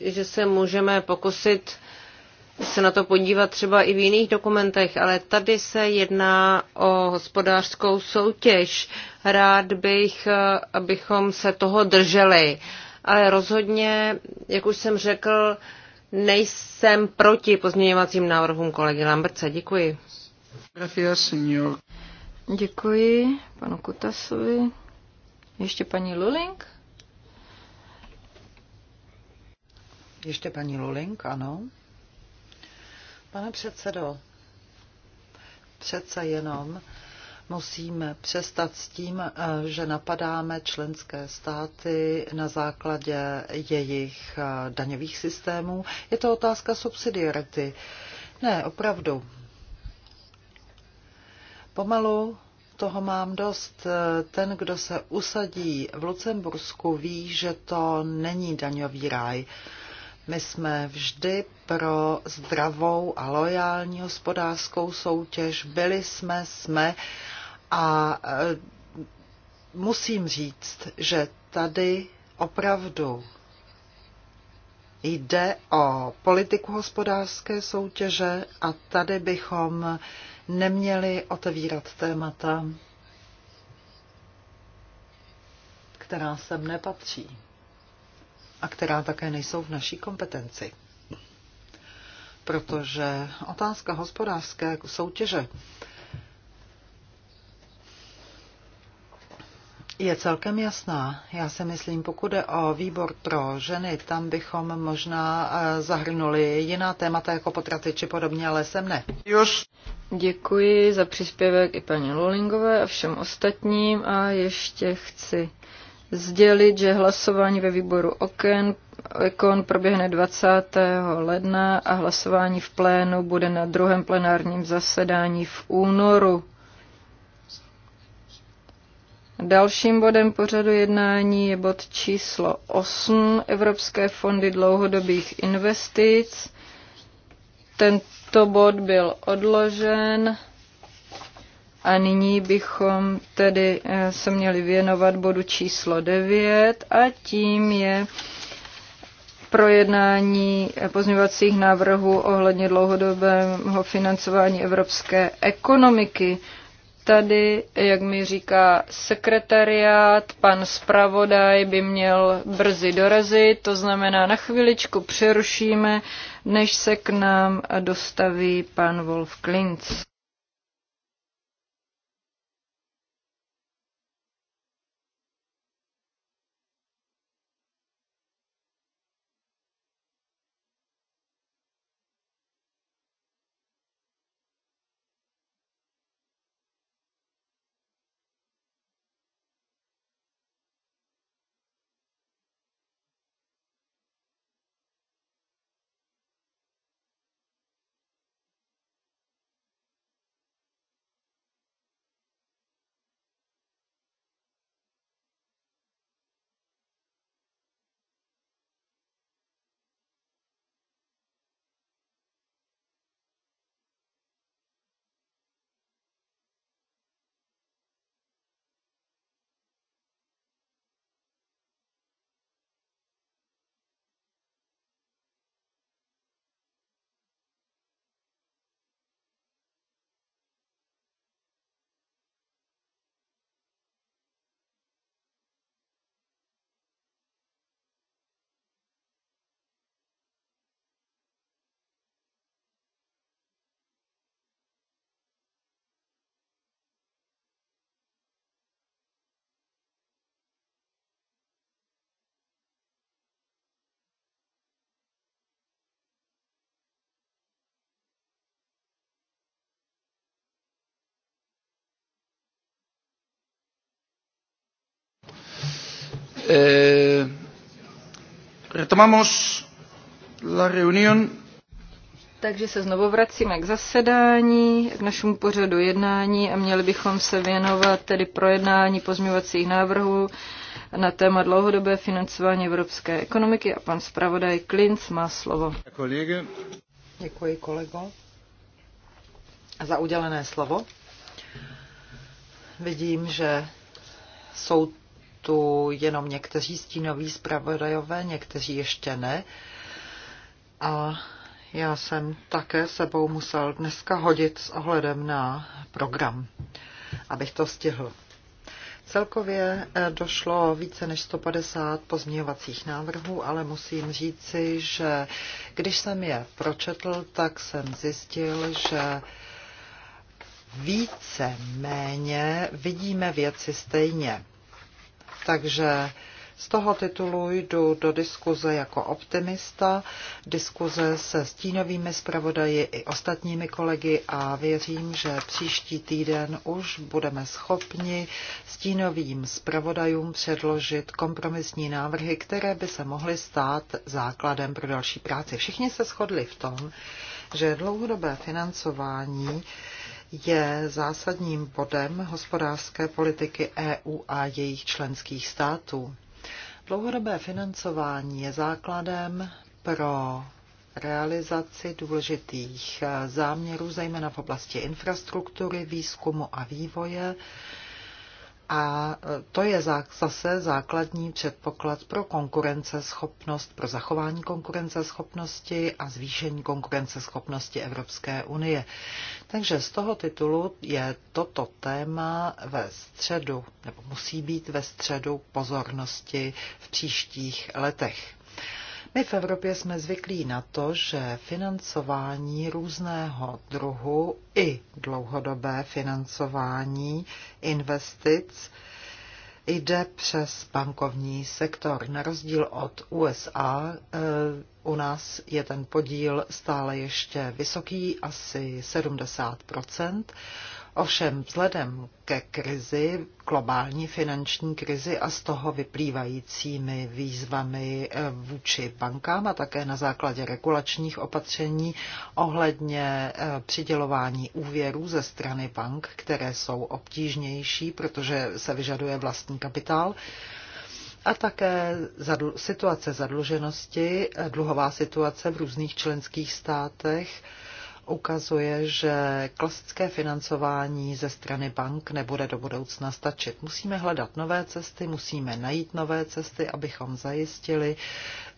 že se můžeme pokusit se na to podívat třeba i v jiných dokumentech, ale tady se jedná o hospodářskou soutěž. Rád bych, abychom se toho drželi. Ale rozhodně, jak už jsem řekl, nejsem proti pozměňovacím návrhům kolegy Lamberce. Děkuji. Děkuji panu Kutasovi. Ještě paní Luling? Ještě paní Luling, ano. Pane předsedo, přece jenom musíme přestat s tím, eh, že napadáme členské státy na základě jejich eh, daňových systémů. Je to otázka subsidiarity. Ne, opravdu. Pomalu toho mám dost. Eh, ten, kdo se usadí v Lucembursku, ví, že to není daňový ráj. My jsme vždy pro zdravou a loajální hospodářskou soutěž. Byli jsme, jsme a e, musím říct, že tady opravdu jde o politiku hospodářské soutěže a tady bychom neměli otevírat témata, která sem nepatří a která také nejsou v naší kompetenci. Protože otázka hospodářské soutěže je celkem jasná. Já si myslím, pokud je o výbor pro ženy, tam bychom možná eh, zahrnuli jiná témata jako potraty či podobně, ale sem ne. Už. Děkuji za příspěvek i paní Lulingové a všem ostatním a ještě chci sdělit, že hlasování ve výboru OKEN Ekon proběhne 20. ledna a hlasování v plénu bude na druhém plenárním zasedání v únoru. Dalším bodem pořadu jednání je bod číslo 8 Evropské fondy dlouhodobých investic. Tento bod byl odložen. A nyní bychom tedy eh, se měli věnovat bodu číslo 9 a tím je projednání eh, pozměňovacích návrhů ohledně dlouhodobého financování evropské ekonomiky. Tady, jak mi říká sekretariát, pan zpravodaj by měl brzy dorazit, to znamená na chviličku přerušíme, než se k nám dostaví pan Wolf Klinz. Eh, retomamos la reunión. Takže se znovu vracíme k zasedání, k našemu pořadu jednání a měli bychom se věnovat tedy projednání pozměňovacích návrhů na téma dlouhodobé financování evropské ekonomiky a pan zpravodaj Klinc má slovo. Kolege. Děkuji kolego za udělené slovo. Vidím, že jsou tu jenom někteří stínoví zpravodajové, někteří ještě ne. A já jsem také sebou musel dneska hodit s ohledem na program, abych to stihl. Celkově eh, došlo více než 150 pozměňovacích návrhů, ale musím říci, že když jsem je pročetl, tak jsem zjistil, že více méně vidíme věci stejně. Takže z toho titulu jdu do diskuze jako optimista, diskuze se stínovými zpravodaji i ostatními kolegy a věřím, že příští týden už budeme schopni stínovým zpravodajům předložit kompromisní návrhy, které by se mohly stát základem pro další práci. Všichni se shodli v tom, že dlouhodobé financování je zásadním bodem hospodářské politiky EU a jejich členských států. Dlouhodobé financování je základem pro realizaci důležitých záměrů, zejména v oblasti infrastruktury, výzkumu a vývoje, a e, to je zase základní předpoklad pro konkurenceschopnost, pro zachování konkurenceschopnosti a zvýšení konkurenceschopnosti Evropské unie. Takže z toho titulu je toto téma ve středu, nebo musí být ve středu pozornosti v příštích letech. My v Evropě jsme zvyklí na to, že financování různého druhu i dlouhodobé financování investic jde přes bankovní sektor. Na rozdíl od USA, eh, u nás je ten podíl stále ještě vysoký, asi 70 Ovšem vzhledem ke krizi, globální finanční krizi a z toho vyplývajícími výzvami eh, vůči bankám a také na základě regulačních opatření ohledně eh, přidělování úvěrů ze strany bank, které jsou obtížnější, protože se vyžaduje vlastní kapitál, a také situace zadluženosti, eh, dluhová situace v různých členských státech, ukazuje, že klasické financování ze strany bank nebude do budoucna stačit. Musíme hledat nové cesty, musíme najít nové cesty, abychom zajistili,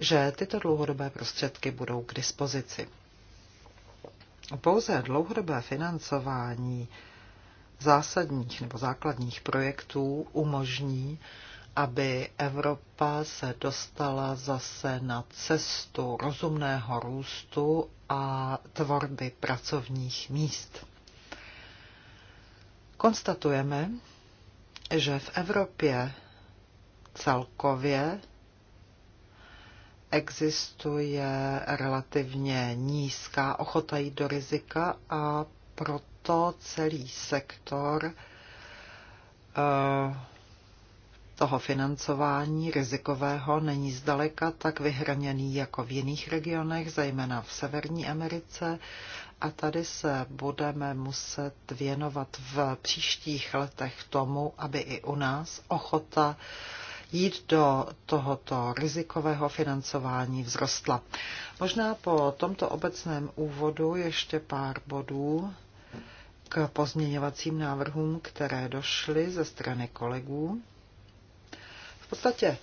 že tyto dlouhodobé prostředky budou k dispozici. Pouze dlouhodobé financování zásadních nebo základních projektů umožní aby Evropa se dostala zase na cestu rozumného růstu a tvorby pracovních míst. Konstatujeme, že v Evropě celkově existuje relativně nízká ochota jít do rizika a proto celý sektor uh, toho financování rizikového není zdaleka tak vyhraněný jako v jiných regionech, zejména v Severní Americe. A tady se budeme muset věnovat v příštích letech tomu, aby i u nás ochota jít do tohoto rizikového financování vzrostla. Možná po tomto obecném úvodu ještě pár bodů k pozměňovacím návrhům, které došly ze strany kolegů podstatě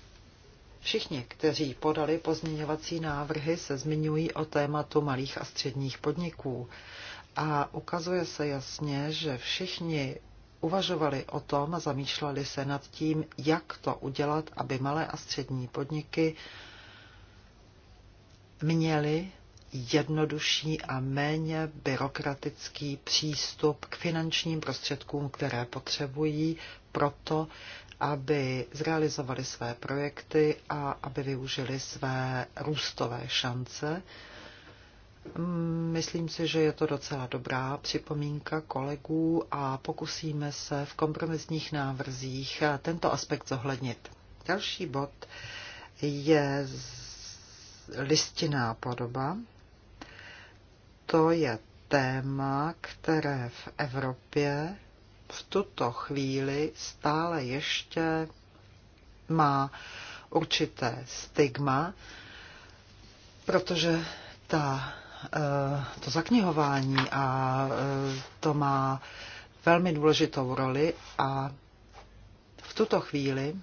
všichni, kteří podali pozměňovací návrhy, se zmiňují o tématu malých a středních podniků. A ukazuje se jasně, že všichni uvažovali o tom a zamýšleli se nad tím, jak to udělat, aby malé a střední podniky měly jednodušší a méně byrokratický přístup k finančním prostředkům, které potřebují proto, aby zrealizovali své projekty a aby využili své růstové šance. Myslím si, že je to docela dobrá připomínka kolegů a pokusíme se v kompromisních návrzích tento aspekt zohlednit. Další bod je listinná podoba. To je téma, které v Evropě v tuto chvíli stále ještě má určité stigma, protože ta, eh, to zaknihování a eh, to má velmi důležitou roli a v tuto chvíli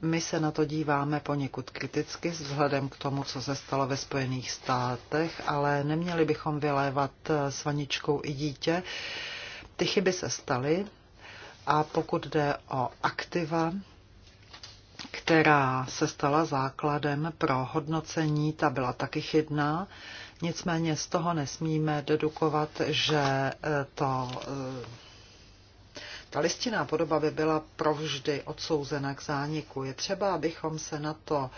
my se na to díváme poněkud kriticky vzhledem k tomu, co se stalo ve Spojených státech, ale neměli bychom vylévat eh, s vaničkou i dítě. Ty chyby se staly a pokud jde o aktiva, která se stala základem pro hodnocení, ta byla taky chybná. Nicméně z toho nesmíme dedukovat, že eh, to, eh, ta listinná podoba by byla provždy odsouzena k zániku. Je třeba, abychom se na to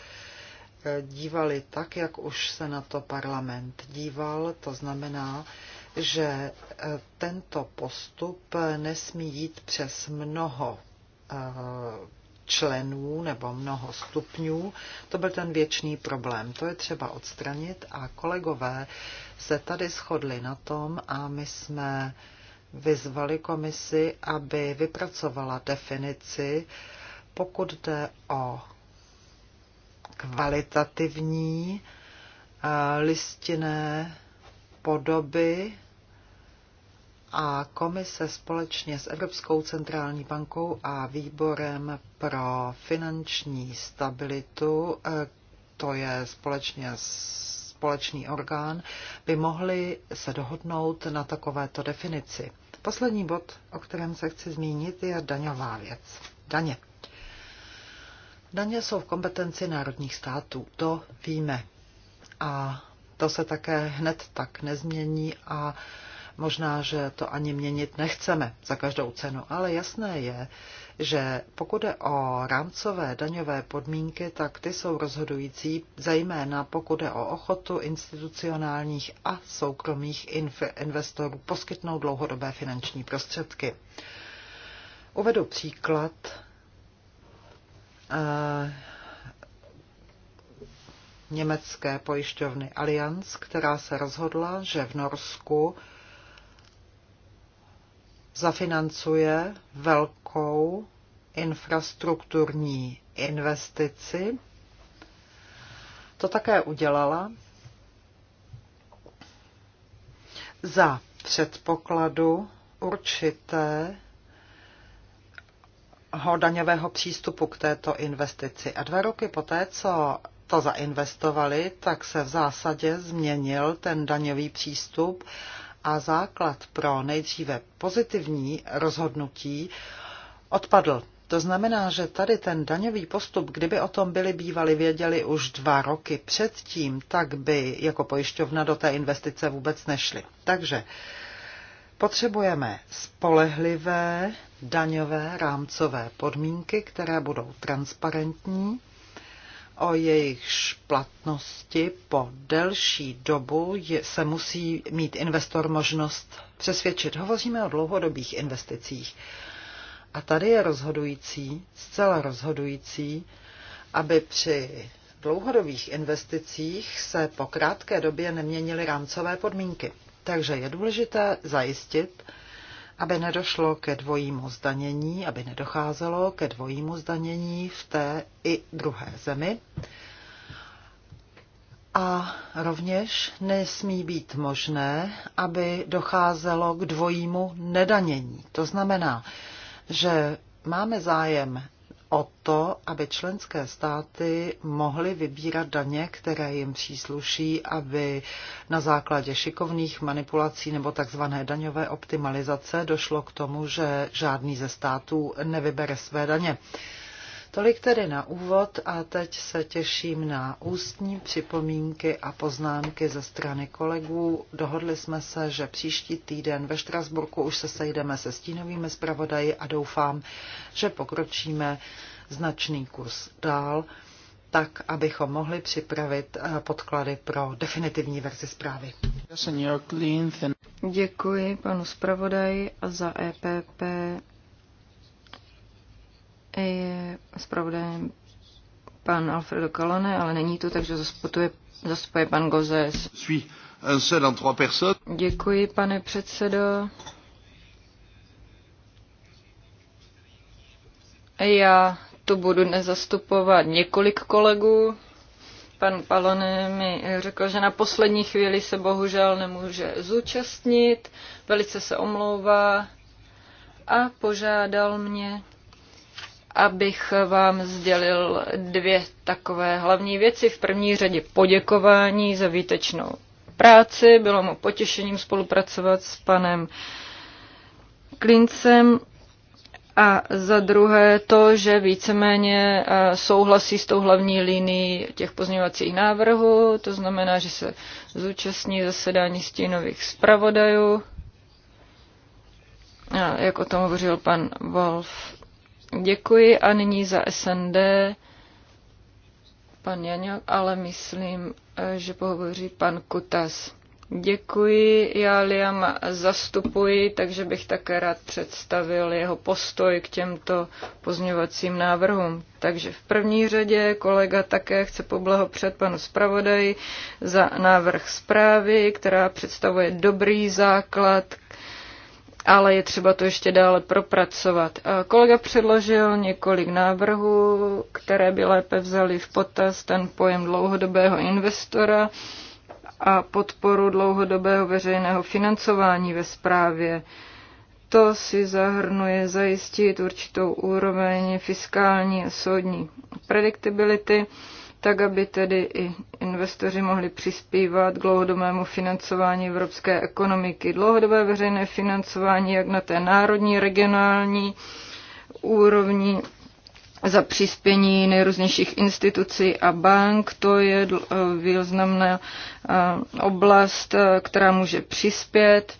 eh, dívali tak, jak už se na to parlament díval, to znamená, že e, tento postup nesmí jít přes mnoho e, členů nebo mnoho stupňů. To byl ten věčný problém. To je třeba odstranit a kolegové se tady shodli na tom a my jsme vyzvali komisi, aby vypracovala definici, pokud jde o kvalitativní e, listinné podoby a komise společně s Evropskou centrální bankou a výborem pro finanční stabilitu, eh, to je společně společný orgán, by mohli se dohodnout na takovéto definici. Poslední bod, o kterém se chci zmínit, je daňová věc. Daně. Daně jsou v kompetenci národních států, to víme. A to se také hned tak nezmění a možná, že to ani měnit nechceme za každou cenu. Ale jasné je, že pokud je o rámcové daňové podmínky, tak ty jsou rozhodující, zejména pokud je o ochotu institucionálních a soukromých investorů poskytnout dlouhodobé finanční prostředky. Uvedu příklad eh, německé pojišťovny Allianz, která se rozhodla, že v Norsku zafinancuje velkou infrastrukturní investici. To také udělala za předpokladu určité daňového přístupu k této investici. A dva roky poté, co to zainvestovali, tak se v zásadě změnil ten daňový přístup a základ pro nejdříve pozitivní rozhodnutí odpadl. To znamená, že tady ten daňový postup, kdyby o tom byli bývali věděli už dva roky předtím, tak by jako pojišťovna do té investice vůbec nešli. Takže potřebujeme spolehlivé daňové rámcové podmínky, které budou transparentní o jejich platnosti po delší dobu je, se musí mít investor možnost přesvědčit. Hovoříme o dlouhodobých investicích. A tady je rozhodující, zcela rozhodující, aby při dlouhodobých investicích se po krátké době neměnily rámcové podmínky. Takže je důležité zajistit, aby nedošlo ke dvojímu zdanění, aby nedocházelo ke dvojímu zdanění v té i druhé zemi. A rovněž nesmí být možné, aby docházelo k dvojímu nedanění. To znamená, že máme zájem o to, aby členské státy mohly vybírat daně, které jim přísluší, aby na základě šikovných manipulací nebo tzv. daňové optimalizace došlo k tomu, že žádný ze států nevybere své daně. Tolik tedy na úvod a teď se těším na ústní připomínky a poznámky ze strany kolegů. Dohodli jsme se, že příští týden ve Štrasburku už se sejdeme se stínovými zpravodaji a doufám, že pokročíme značný kurz dál tak, abychom mohli připravit eh, podklady pro definitivní verzi zprávy. Děkuji panu zpravodaji a za EPP je zpravodajem pan Alfredo Calone, ale není to takže zastupuje, zastupuje pan Gozes. Děkuji, pane předsedo. Já tu budu nezastupovat. několik kolegů. Pan Palone mi řekl, že na poslední chvíli se bohužel nemůže zúčastnit, velice se omlouvá a požádal mě, abych vám sdělil dvě takové hlavní věci. V první řadě poděkování za výtečnou práci. Bylo mu potěšením spolupracovat s panem Klincem. A za druhé to, že víceméně souhlasí s tou hlavní linií těch pozměňovacích návrhů, to znamená, že se zúčastní zasedání stínových zpravodajů, jak o tom hovořil pan Wolf Děkuji a nyní za SND pan Janěk, ale myslím, eh, že pohovoří pan Kutas. Děkuji, já Liam zastupuji, takže bych také rád představil jeho postoj k těmto pozměvacím návrhům. Takže v první řadě kolega také chce poblahopřát panu zpravodaji za návrh zprávy, která představuje dobrý základ ale je třeba to ještě dále propracovat. Kolega předložil několik návrhů, které by lépe vzali v potaz ten pojem dlouhodobého investora a podporu dlouhodobého veřejného financování ve správě. To si zahrnuje zajistit určitou úroveň fiskální a soudní prediktibility tak aby tedy i investoři mohli přispívat k dlouhodobému financování evropské ekonomiky. Dlouhodobé veřejné financování jak na té národní, regionální úrovni za přispění nejrůznějších institucí a bank. To je eh, významná eh, oblast, eh, která může přispět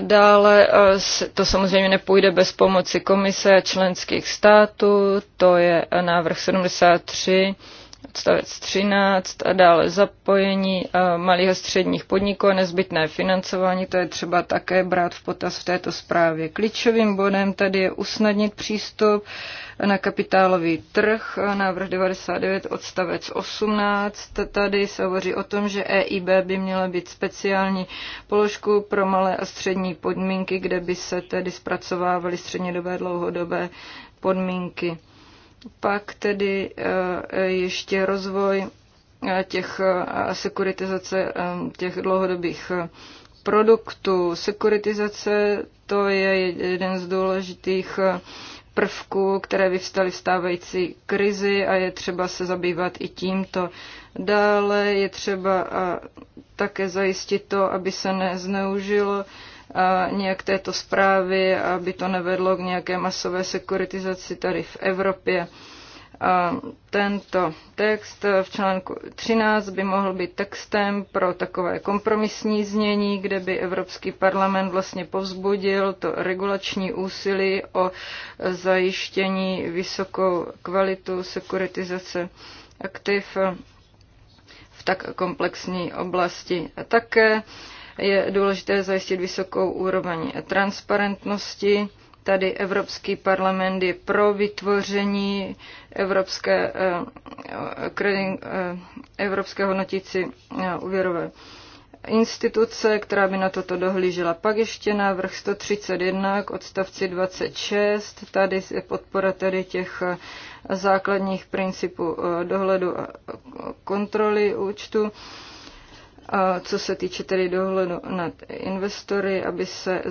Dále e, to samozřejmě nepůjde bez pomoci komise a členských států, to je e, návrh 73 odstavec 13 a dále zapojení eh, malých a středních podniků a nezbytné financování, to je třeba také brát v potaz v této zprávě. Klíčovým bodem tady je usnadnit přístup na kapitálový trh, eh, návrh 99 odstavec 18. Tady se hovoří o tom, že EIB by měla být speciální položku pro malé a střední podmínky, kde by se tedy zpracovávaly střednědobé dlouhodobé podmínky. Pak tedy eh, ještě rozvoj eh, těch eh, sekuritizace těch dlouhodobých produktů. Sekuritizace to je jeden z důležitých prvků, které vyvstaly v stávající krizi a je třeba se zabývat i tímto. Dále je třeba také zajistit to, aby se nezneužilo nějak této zprávy, aby to nevedlo k nějaké masové sekuritizaci tady v Evropě. Tento text v článku 13 by mohl být textem pro takové kompromisní znění, kde by Evropský parlament vlastně povzbudil to regulační úsilí o zajištění vysokou kvalitu sekuritizace aktiv v tak komplexní oblasti. A také je důležité zajistit vysokou úroveň transparentnosti. Tady Evropský parlament je pro vytvoření Evropské, eh, eh, Evropské hodnotící eh, úvěrové instituce, která by na toto dohlížela. Pak ještě návrh 131 k odstavci 26, tady je podpora tedy těch základních principů dohledu a kontroly účtu co se týče tedy dohledu nad investory, aby se e,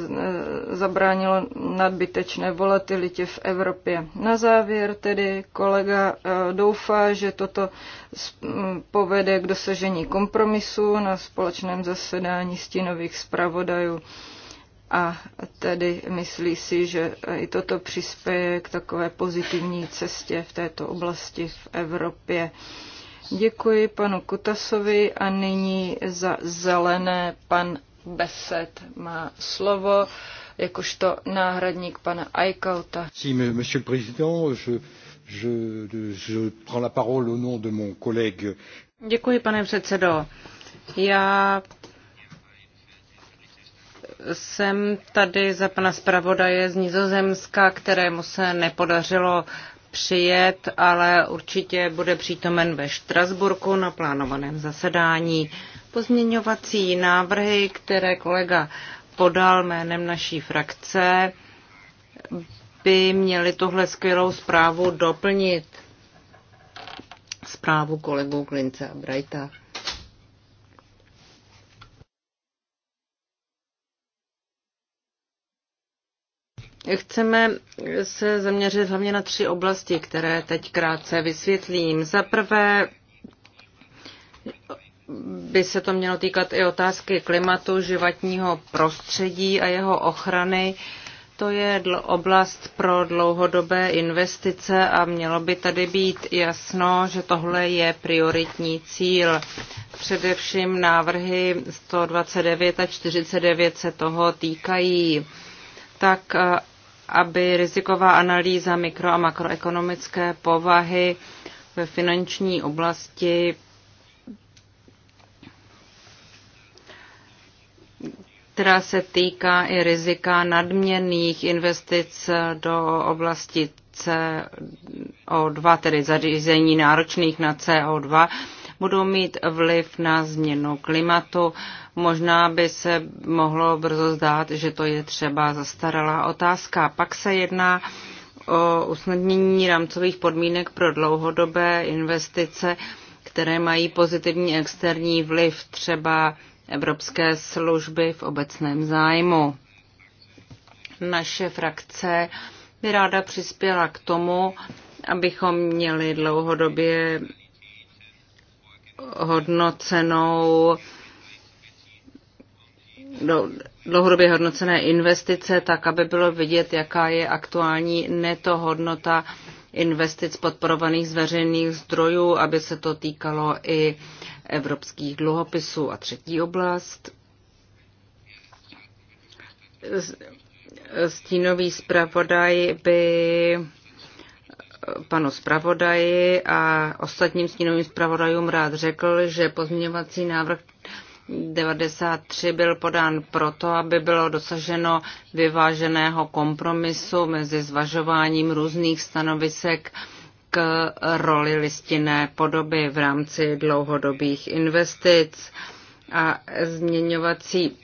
zabránilo nadbytečné volatilitě v Evropě. Na závěr tedy kolega e, doufá, že toto povede k dosažení kompromisu na společném zasedání stínových zpravodajů a tedy myslí si, že i toto přispěje k takové pozitivní cestě v této oblasti v Evropě. Děkuji panu Kutasovi a nyní za zelené pan Beset má slovo jakožto náhradník pana Aikauta. Si, monsieur le président, je, je, je prends la parole au nom de mon collègue. Děkuji, pane předsedo. Já jsem tady za pana zpravodaje z Nizozemska, kterému se nepodařilo přijet, ale určitě bude přítomen ve Štrasburku na plánovaném zasedání. Pozměňovací návrhy, které kolega podal jménem naší frakce, by měly tuhle skvělou zprávu doplnit. Zprávu kolegů Klince a Brajta. Chceme se zaměřit hlavně na tři oblasti, které teď krátce vysvětlím. Za prvé by se to mělo týkat i otázky klimatu, životního prostředí a jeho ochrany. To je oblast pro dlouhodobé investice a mělo by tady být jasno, že tohle je prioritní cíl. Především návrhy 129 a 49 se toho týkají tak aby riziková analýza mikro- a makroekonomické povahy ve finanční oblasti která se týká i rizika nadměrných investic do oblasti CO2, tedy zařízení náročných na CO2, budou mít vliv na změnu klimatu Možná by se mohlo brzo zdát, že to je třeba zastaralá otázka. Pak se jedná o usnadnění rámcových podmínek pro dlouhodobé investice, které mají pozitivní externí vliv, třeba evropské služby v obecném zájmu. Naše frakce by ráda přispěla k tomu, abychom měli dlouhodobě hodnocenou dlouhodobě hodnocené investice, tak aby bylo vidět, jaká je aktuální netohodnota investic podporovaných z veřejných zdrojů, aby se to týkalo i evropských dluhopisů. A třetí oblast. Stínový zpravodaj by panu zpravodaji a ostatním stínovým zpravodajům rád řekl, že pozměňovací návrh 93 byl podán proto, aby bylo dosaženo vyváženého kompromisu mezi zvažováním různých stanovisek k roli listinné podoby v rámci dlouhodobých investic. A změňovací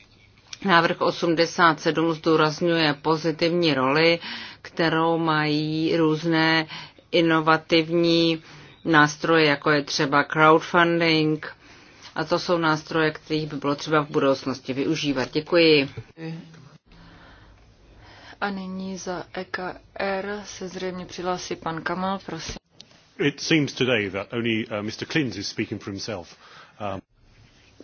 návrh 87 zdůrazňuje pozitivní roli, kterou mají různé inovativní nástroje, jako je třeba crowdfunding, a to jsou nástroje, kterých by bylo třeba v budoucnosti využívat. Děkuji. A nyní za EKR se zřejmě přihlásí pan Kamal, prosím. It seems today that only uh, Mr. Klins is speaking for himself. Um...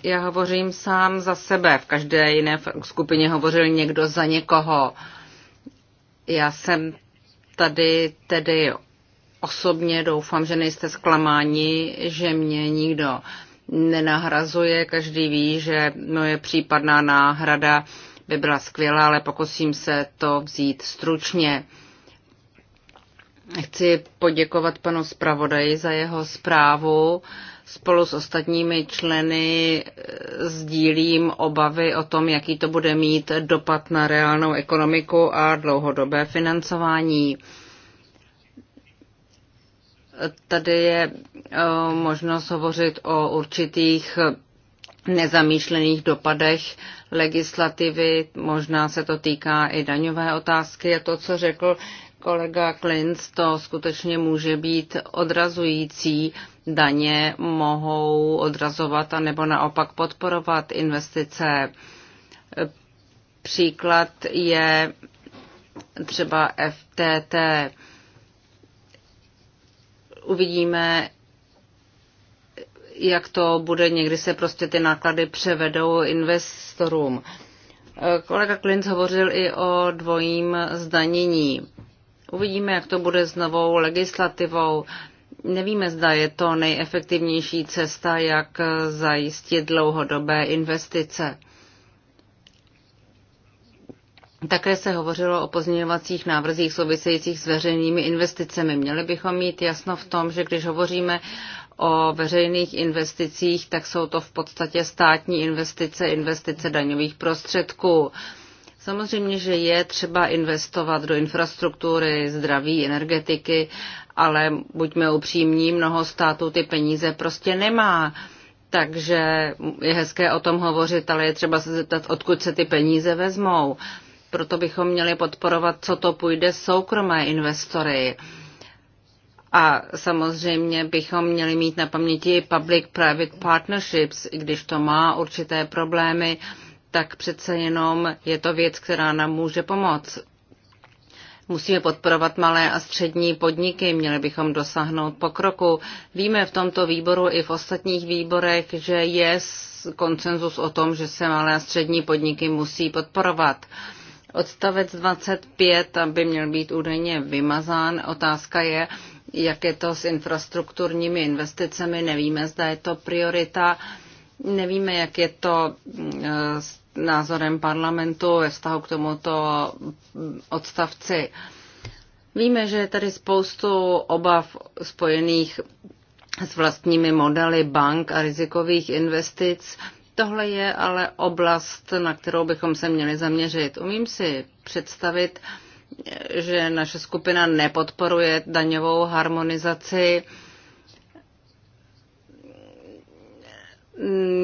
Já hovořím sám za sebe. V každé jiné skupině hovořil někdo za někoho. Já jsem tady tedy osobně doufám, že nejste zklamáni, že mě nikdo nenahrazuje. Každý ví, že moje případná náhrada by byla skvělá, ale pokusím se to vzít stručně. Chci poděkovat panu zpravodaji za jeho zprávu. Spolu s ostatními členy eh, sdílím obavy o tom, jaký to bude mít dopad na reálnou ekonomiku a dlouhodobé financování. Tady je eh, možnost hovořit o určitých nezamýšlených dopadech legislativy. Možná se to týká i daňové otázky. A to, co řekl kolega Klinc, to skutečně může být odrazující. Daně mohou odrazovat a nebo naopak podporovat investice. Příklad je třeba FTT Uvidíme, jak to bude. Někdy se prostě ty náklady převedou investorům. Kolega Klinc hovořil i o dvojím zdanění. Uvidíme, jak to bude s novou legislativou. Nevíme, zda je to nejefektivnější cesta, jak zajistit dlouhodobé investice. Také se hovořilo o pozměňovacích návrzích souvisejících s veřejnými investicemi. Měli bychom mít jasno v tom, že když hovoříme o veřejných investicích, tak jsou to v podstatě státní investice, investice daňových prostředků. Samozřejmě, že je třeba investovat do infrastruktury, zdraví, energetiky, ale buďme upřímní, mnoho států ty peníze prostě nemá. Takže je hezké o tom hovořit, ale je třeba se zeptat, odkud se ty peníze vezmou proto bychom měli podporovat, co to půjde soukromé investory. A samozřejmě bychom měli mít na paměti public-private partnerships, když to má určité problémy, tak přece jenom je to věc, která nám může pomoct. Musíme podporovat malé a střední podniky, měli bychom dosáhnout pokroku. Víme v tomto výboru i v ostatních výborech, že je konsenzus o tom, že se malé a střední podniky musí podporovat. Uh, Odstavec 25 tam by měl být údajně vymazán. Otázka je, jak je to s infrastrukturními investicemi. Nevíme, zda je to priorita. Nevíme, jak je to eh, s názorem parlamentu ve vztahu k tomuto odstavci. Víme, že je tady spoustu obav spojených s vlastními modely bank a rizikových investic. Tohle je ale oblast, na kterou bychom se měli zaměřit. Umím si představit, že naše skupina nepodporuje daňovou harmonizaci.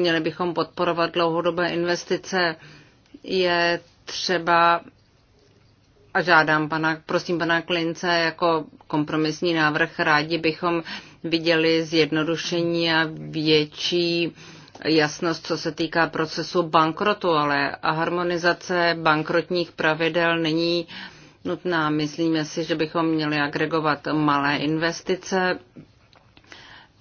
Měli bychom podporovat dlouhodobé investice. Je třeba a žádám pana, prosím pana Klince jako kompromisní návrh. Rádi bychom viděli zjednodušení a větší jasnost, co se týká procesu bankrotu, ale a harmonizace bankrotních pravidel není nutná. Myslíme si, že bychom měli agregovat malé investice,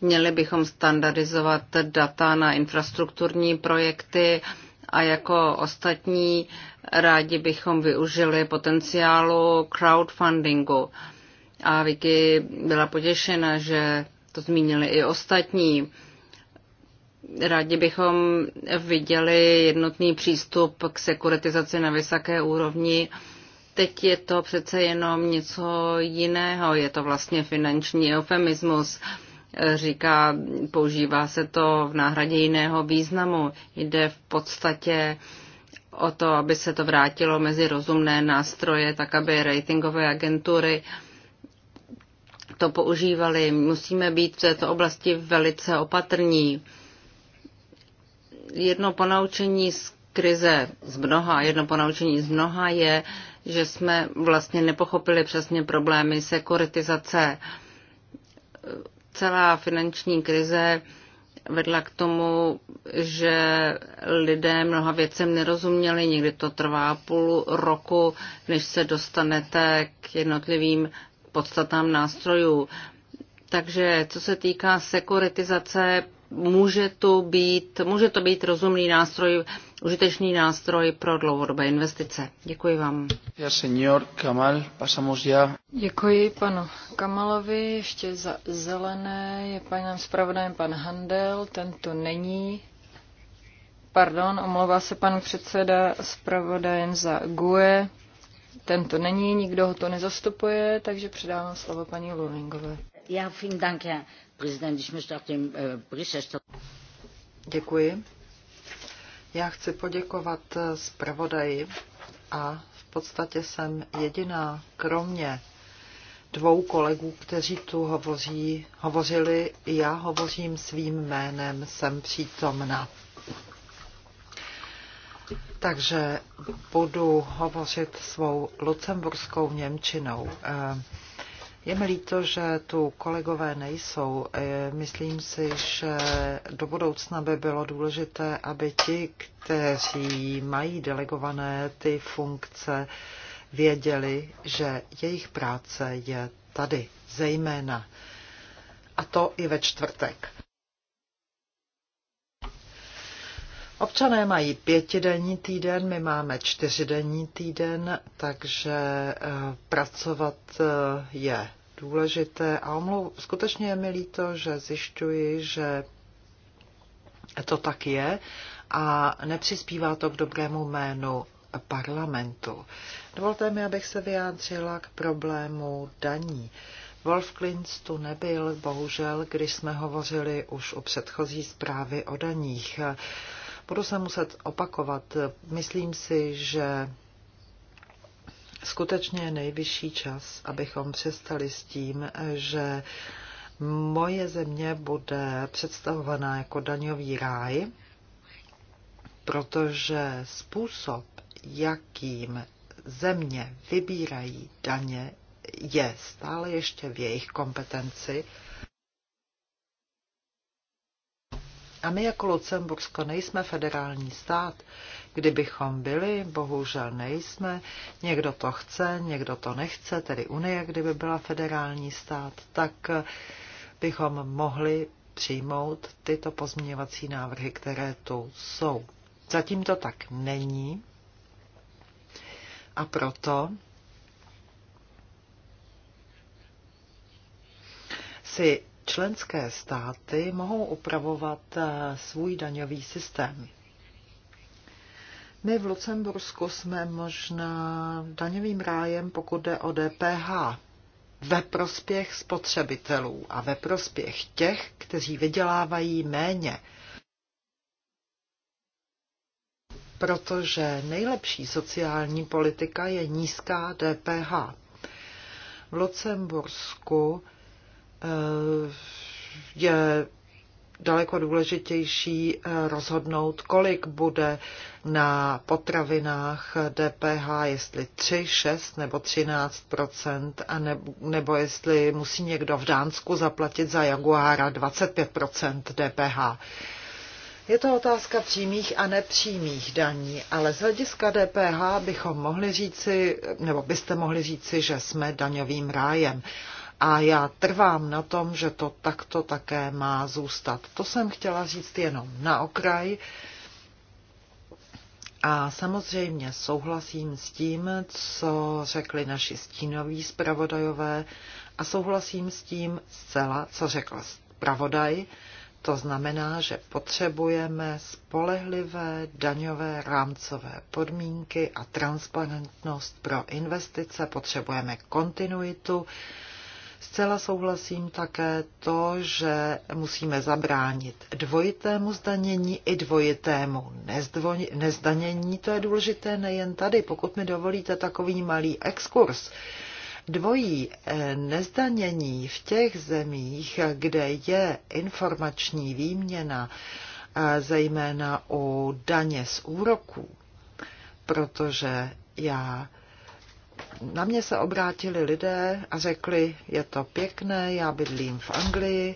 měli bychom standardizovat data na infrastrukturní projekty a jako ostatní rádi bychom využili potenciálu crowdfundingu. A Vicky byla potěšena, že to zmínili i ostatní. Rádi bychom viděli jednotný přístup k sekuritizaci na vysoké úrovni. Teď je to přece jenom něco jiného, je to vlastně finanční eufemismus. Říká, používá se to v náhradě jiného významu. Jde v podstatě o to, aby se to vrátilo mezi rozumné nástroje, tak aby ratingové agentury to používali. Musíme být v této oblasti velice opatrní jedno ponaučení z krize z mnoha, jedno ponaučení z mnoha je, že jsme vlastně nepochopili přesně problémy sekuritizace. Celá finanční krize vedla k tomu, že lidé mnoha věcem nerozuměli. Někdy to trvá půl roku, než se dostanete k jednotlivým podstatám nástrojů. Takže co se týká sekuritizace, může to být, může to být rozumný nástroj, užitečný nástroj pro dlouhodobé investice. Děkuji vám. Kamal, Děkuji panu Kamalovi. Ještě za zelené je panem zpravodajem pan Handel, tento není. Pardon, omlouvá se pan předseda zpravodajem za GUE. Tento není, nikdo ho to nezastupuje, takže předávám slovo paní Lulingové. Já, vielen Dank, Eh, Děkuji. Já chci poděkovat eh, zpravodaji a v podstatě jsem jediná, kromě dvou kolegů, kteří tu hovoří, hovořili, já hovořím svým jménem, jsem přítomna. Takže budu hovořit svou lucemburskou Němčinou. Eh, je mi líto, že tu kolegové nejsou. E, myslím si, že do budoucna by bylo důležité, aby ti, kteří mají delegované ty funkce, věděli, že jejich práce je tady, zejména. A to i ve čtvrtek. Občané mají pětidenní týden, my máme čtyřidenní týden, takže eh, pracovat eh, je důležité a omlou, skutečně je mi líto, že zjišťuji, že to tak je a nepřispívá to k dobrému jménu parlamentu. Dovolte mi, abych se vyjádřila k problému daní. Wolf Klintz tu nebyl, bohužel, když jsme hovořili už o předchozí zprávy o daních. Budu se muset opakovat. Myslím si, že skutečně je nejvyšší čas, abychom přestali s tím, že moje země bude představovaná jako daňový ráj, protože způsob, jakým země vybírají daně, je stále ještě v jejich kompetenci A my jako Lucembursko nejsme federální stát. Kdybychom byli, bohužel nejsme. Někdo to chce, někdo to nechce, tedy Unie, kdyby byla federální stát, tak bychom mohli přijmout tyto pozměňovací návrhy, které tu jsou. Zatím to tak není a proto si členské státy mohou upravovat eh, svůj daňový systém. My v Lucembursku jsme možná daňovým rájem, pokud jde o DPH, ve prospěch spotřebitelů a ve prospěch těch, kteří vydělávají méně. Protože nejlepší sociální politika je nízká DPH. V Lucembursku Eh, je daleko důležitější eh, rozhodnout, kolik bude na potravinách DPH, jestli 3, 6 nebo 13 procent, nebo jestli musí někdo v Dánsku zaplatit za Jaguára 25 DPH. Je to otázka přímých a nepřímých daní, ale z hlediska DPH bychom mohli říci, nebo byste mohli říci, že jsme daňovým rájem. A já trvám na tom, že to takto také má zůstat. To jsem chtěla říct jenom na okraj. A samozřejmě souhlasím s tím, co řekli naši stínoví zpravodajové a souhlasím s tím zcela, co řekl zpravodaj. To znamená, že potřebujeme spolehlivé daňové rámcové podmínky a transparentnost pro investice, potřebujeme kontinuitu, Zcela souhlasím také to, že musíme zabránit dvojitému zdanění i dvojitému nezdvoj, nezdanění. To je důležité nejen tady, pokud mi dovolíte takový malý exkurs. Dvojí eh, nezdanění v těch zemích, kde je informační výměna, eh, zejména u daně z úroků, protože já na mě se obrátili lidé a řekli, je to pěkné, já bydlím v Anglii,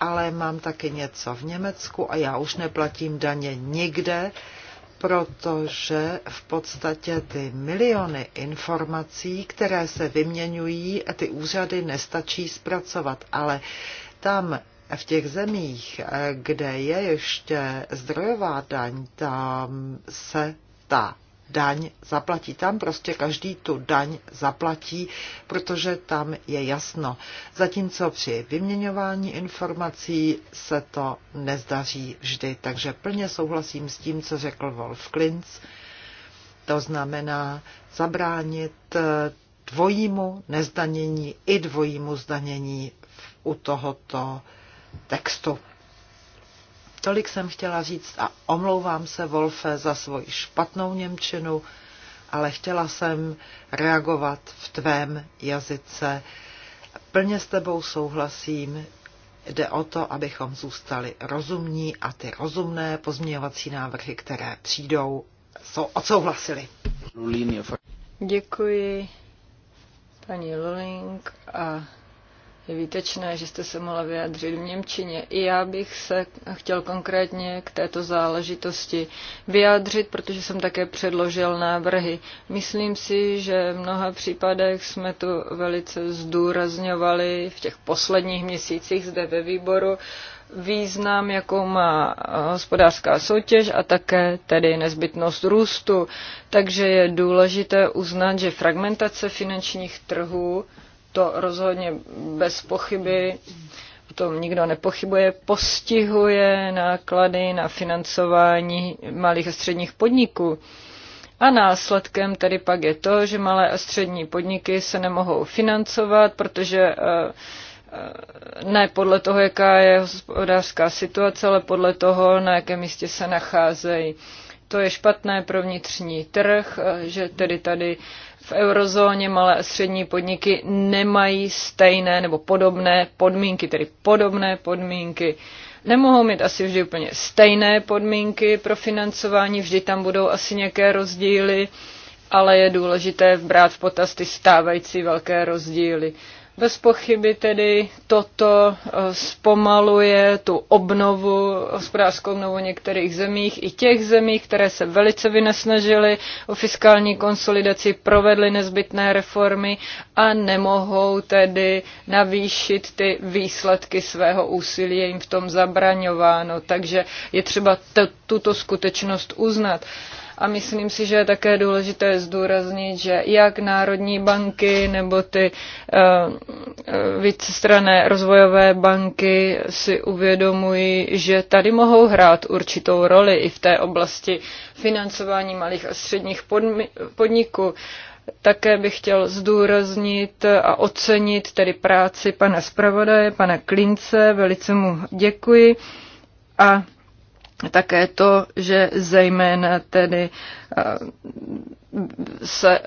ale mám taky něco v Německu a já už neplatím daně nikde, protože v podstatě ty miliony informací, které se vyměňují, ty úřady nestačí zpracovat, ale tam v těch zemích, eh, kde je ještě zdrojová daň, tam se ta daň zaplatí. Tam prostě každý tu daň zaplatí, protože tam je jasno. Zatímco při vyměňování informací se to nezdaří vždy. Takže plně souhlasím s tím, co řekl Wolf Klinz. To znamená zabránit eh, dvojímu nezdanění i dvojímu zdanění u tohoto textu. Tolik jsem chtěla říct a omlouvám se, Wolfe, za svoji špatnou Němčinu, ale chtěla jsem reagovat v tvém jazyce. Plně s tebou souhlasím, jde o to, abychom zůstali rozumní a ty rozumné pozměňovací návrhy, které přijdou, jsou odsouhlasili. Děkuji paní Luling a je výtečné, že jste se mohla vyjádřit v Němčině. I já bych se chtěl konkrétně k této záležitosti vyjádřit, protože jsem také předložil návrhy. Myslím si, že v mnoha případech jsme to velice zdůrazňovali v těch posledních měsících zde ve výboru význam, jakou má hospodářská soutěž a také tedy nezbytnost růstu. Takže je důležité uznat, že fragmentace finančních trhů to rozhodně bez pochyby, o tom nikdo nepochybuje, postihuje náklady na financování malých a středních podniků. A následkem tedy pak je to, že malé a střední podniky se nemohou financovat, protože eh, eh, ne podle toho, jaká je hospodářská situace, ale podle toho, na jakém místě se nacházejí to je špatné pro vnitřní trh, e, že tedy tady v eurozóně malé a střední podniky nemají stejné nebo podobné podmínky, tedy podobné podmínky. Nemohou mít asi vždy úplně stejné podmínky pro financování, vždy tam budou asi nějaké rozdíly, ale je důležité brát v potaz ty stávající velké rozdíly. Bez pochyby tedy toto eh, zpomaluje tu obnovu, hospodářskou obnovu některých zemích, i těch zemích, které se velice vynesnažily o fiskální konsolidaci, provedly nezbytné reformy a nemohou tedy navýšit ty výsledky svého úsilí, je jim v tom zabraňováno. Takže je třeba tuto skutečnost uznat. A myslím si, že je také důležité zdůraznit, že jak národní banky nebo ty uh, vícestrané rozvojové banky si uvědomují, že tady mohou hrát určitou roli i v té oblasti financování malých a středních podniků. Také bych chtěl zdůraznit a ocenit tedy práci pana zpravodaje, pana Klince, velice mu děkuji. A také to, že zejména tedy eh, se eh,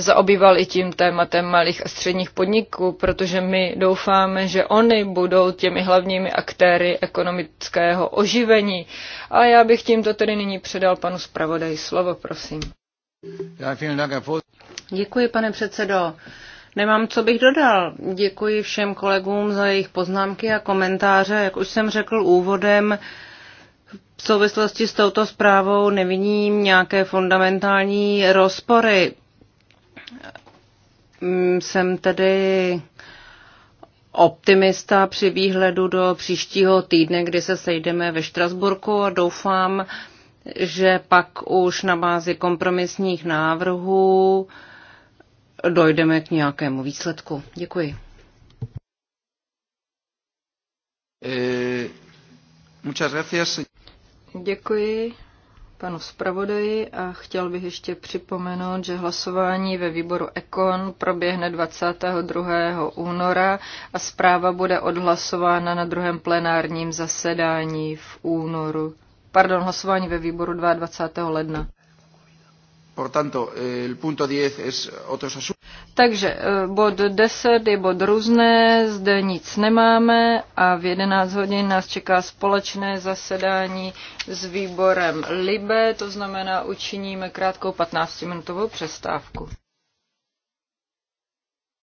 zaobýval i tím tématem malých a středních podniků, protože my doufáme, že oni budou těmi hlavními aktéry ekonomického oživení. A já bych tímto tedy nyní předal panu zpravodaji slovo, prosím. Děkuji, pane předsedo. Nemám, co bych dodal. Děkuji všem kolegům za jejich poznámky a komentáře. Jak už jsem řekl úvodem, v souvislosti s touto zprávou nevidím nějaké fundamentální rozpory. Mm, jsem tedy optimista při výhledu do příštího týdne, kdy se sejdeme ve Štrasburku a doufám, že pak už na bázi kompromisních návrhů dojdeme k nějakému výsledku. Děkuji. E, muchas gracias. Děkuji panu zpravodaji a chtěl bych ještě připomenout, že hlasování ve výboru Ekon proběhne 22. února a zpráva bude odhlasována na druhém plenárním zasedání v únoru. Pardon, hlasování ve výboru 22. ledna. Takže eh, bod 10 je bod různé, zde nic nemáme a v 11 hodin nás čeká společné zasedání s výborem LIBE, to znamená učiníme krátkou 15-minutovou přestávku.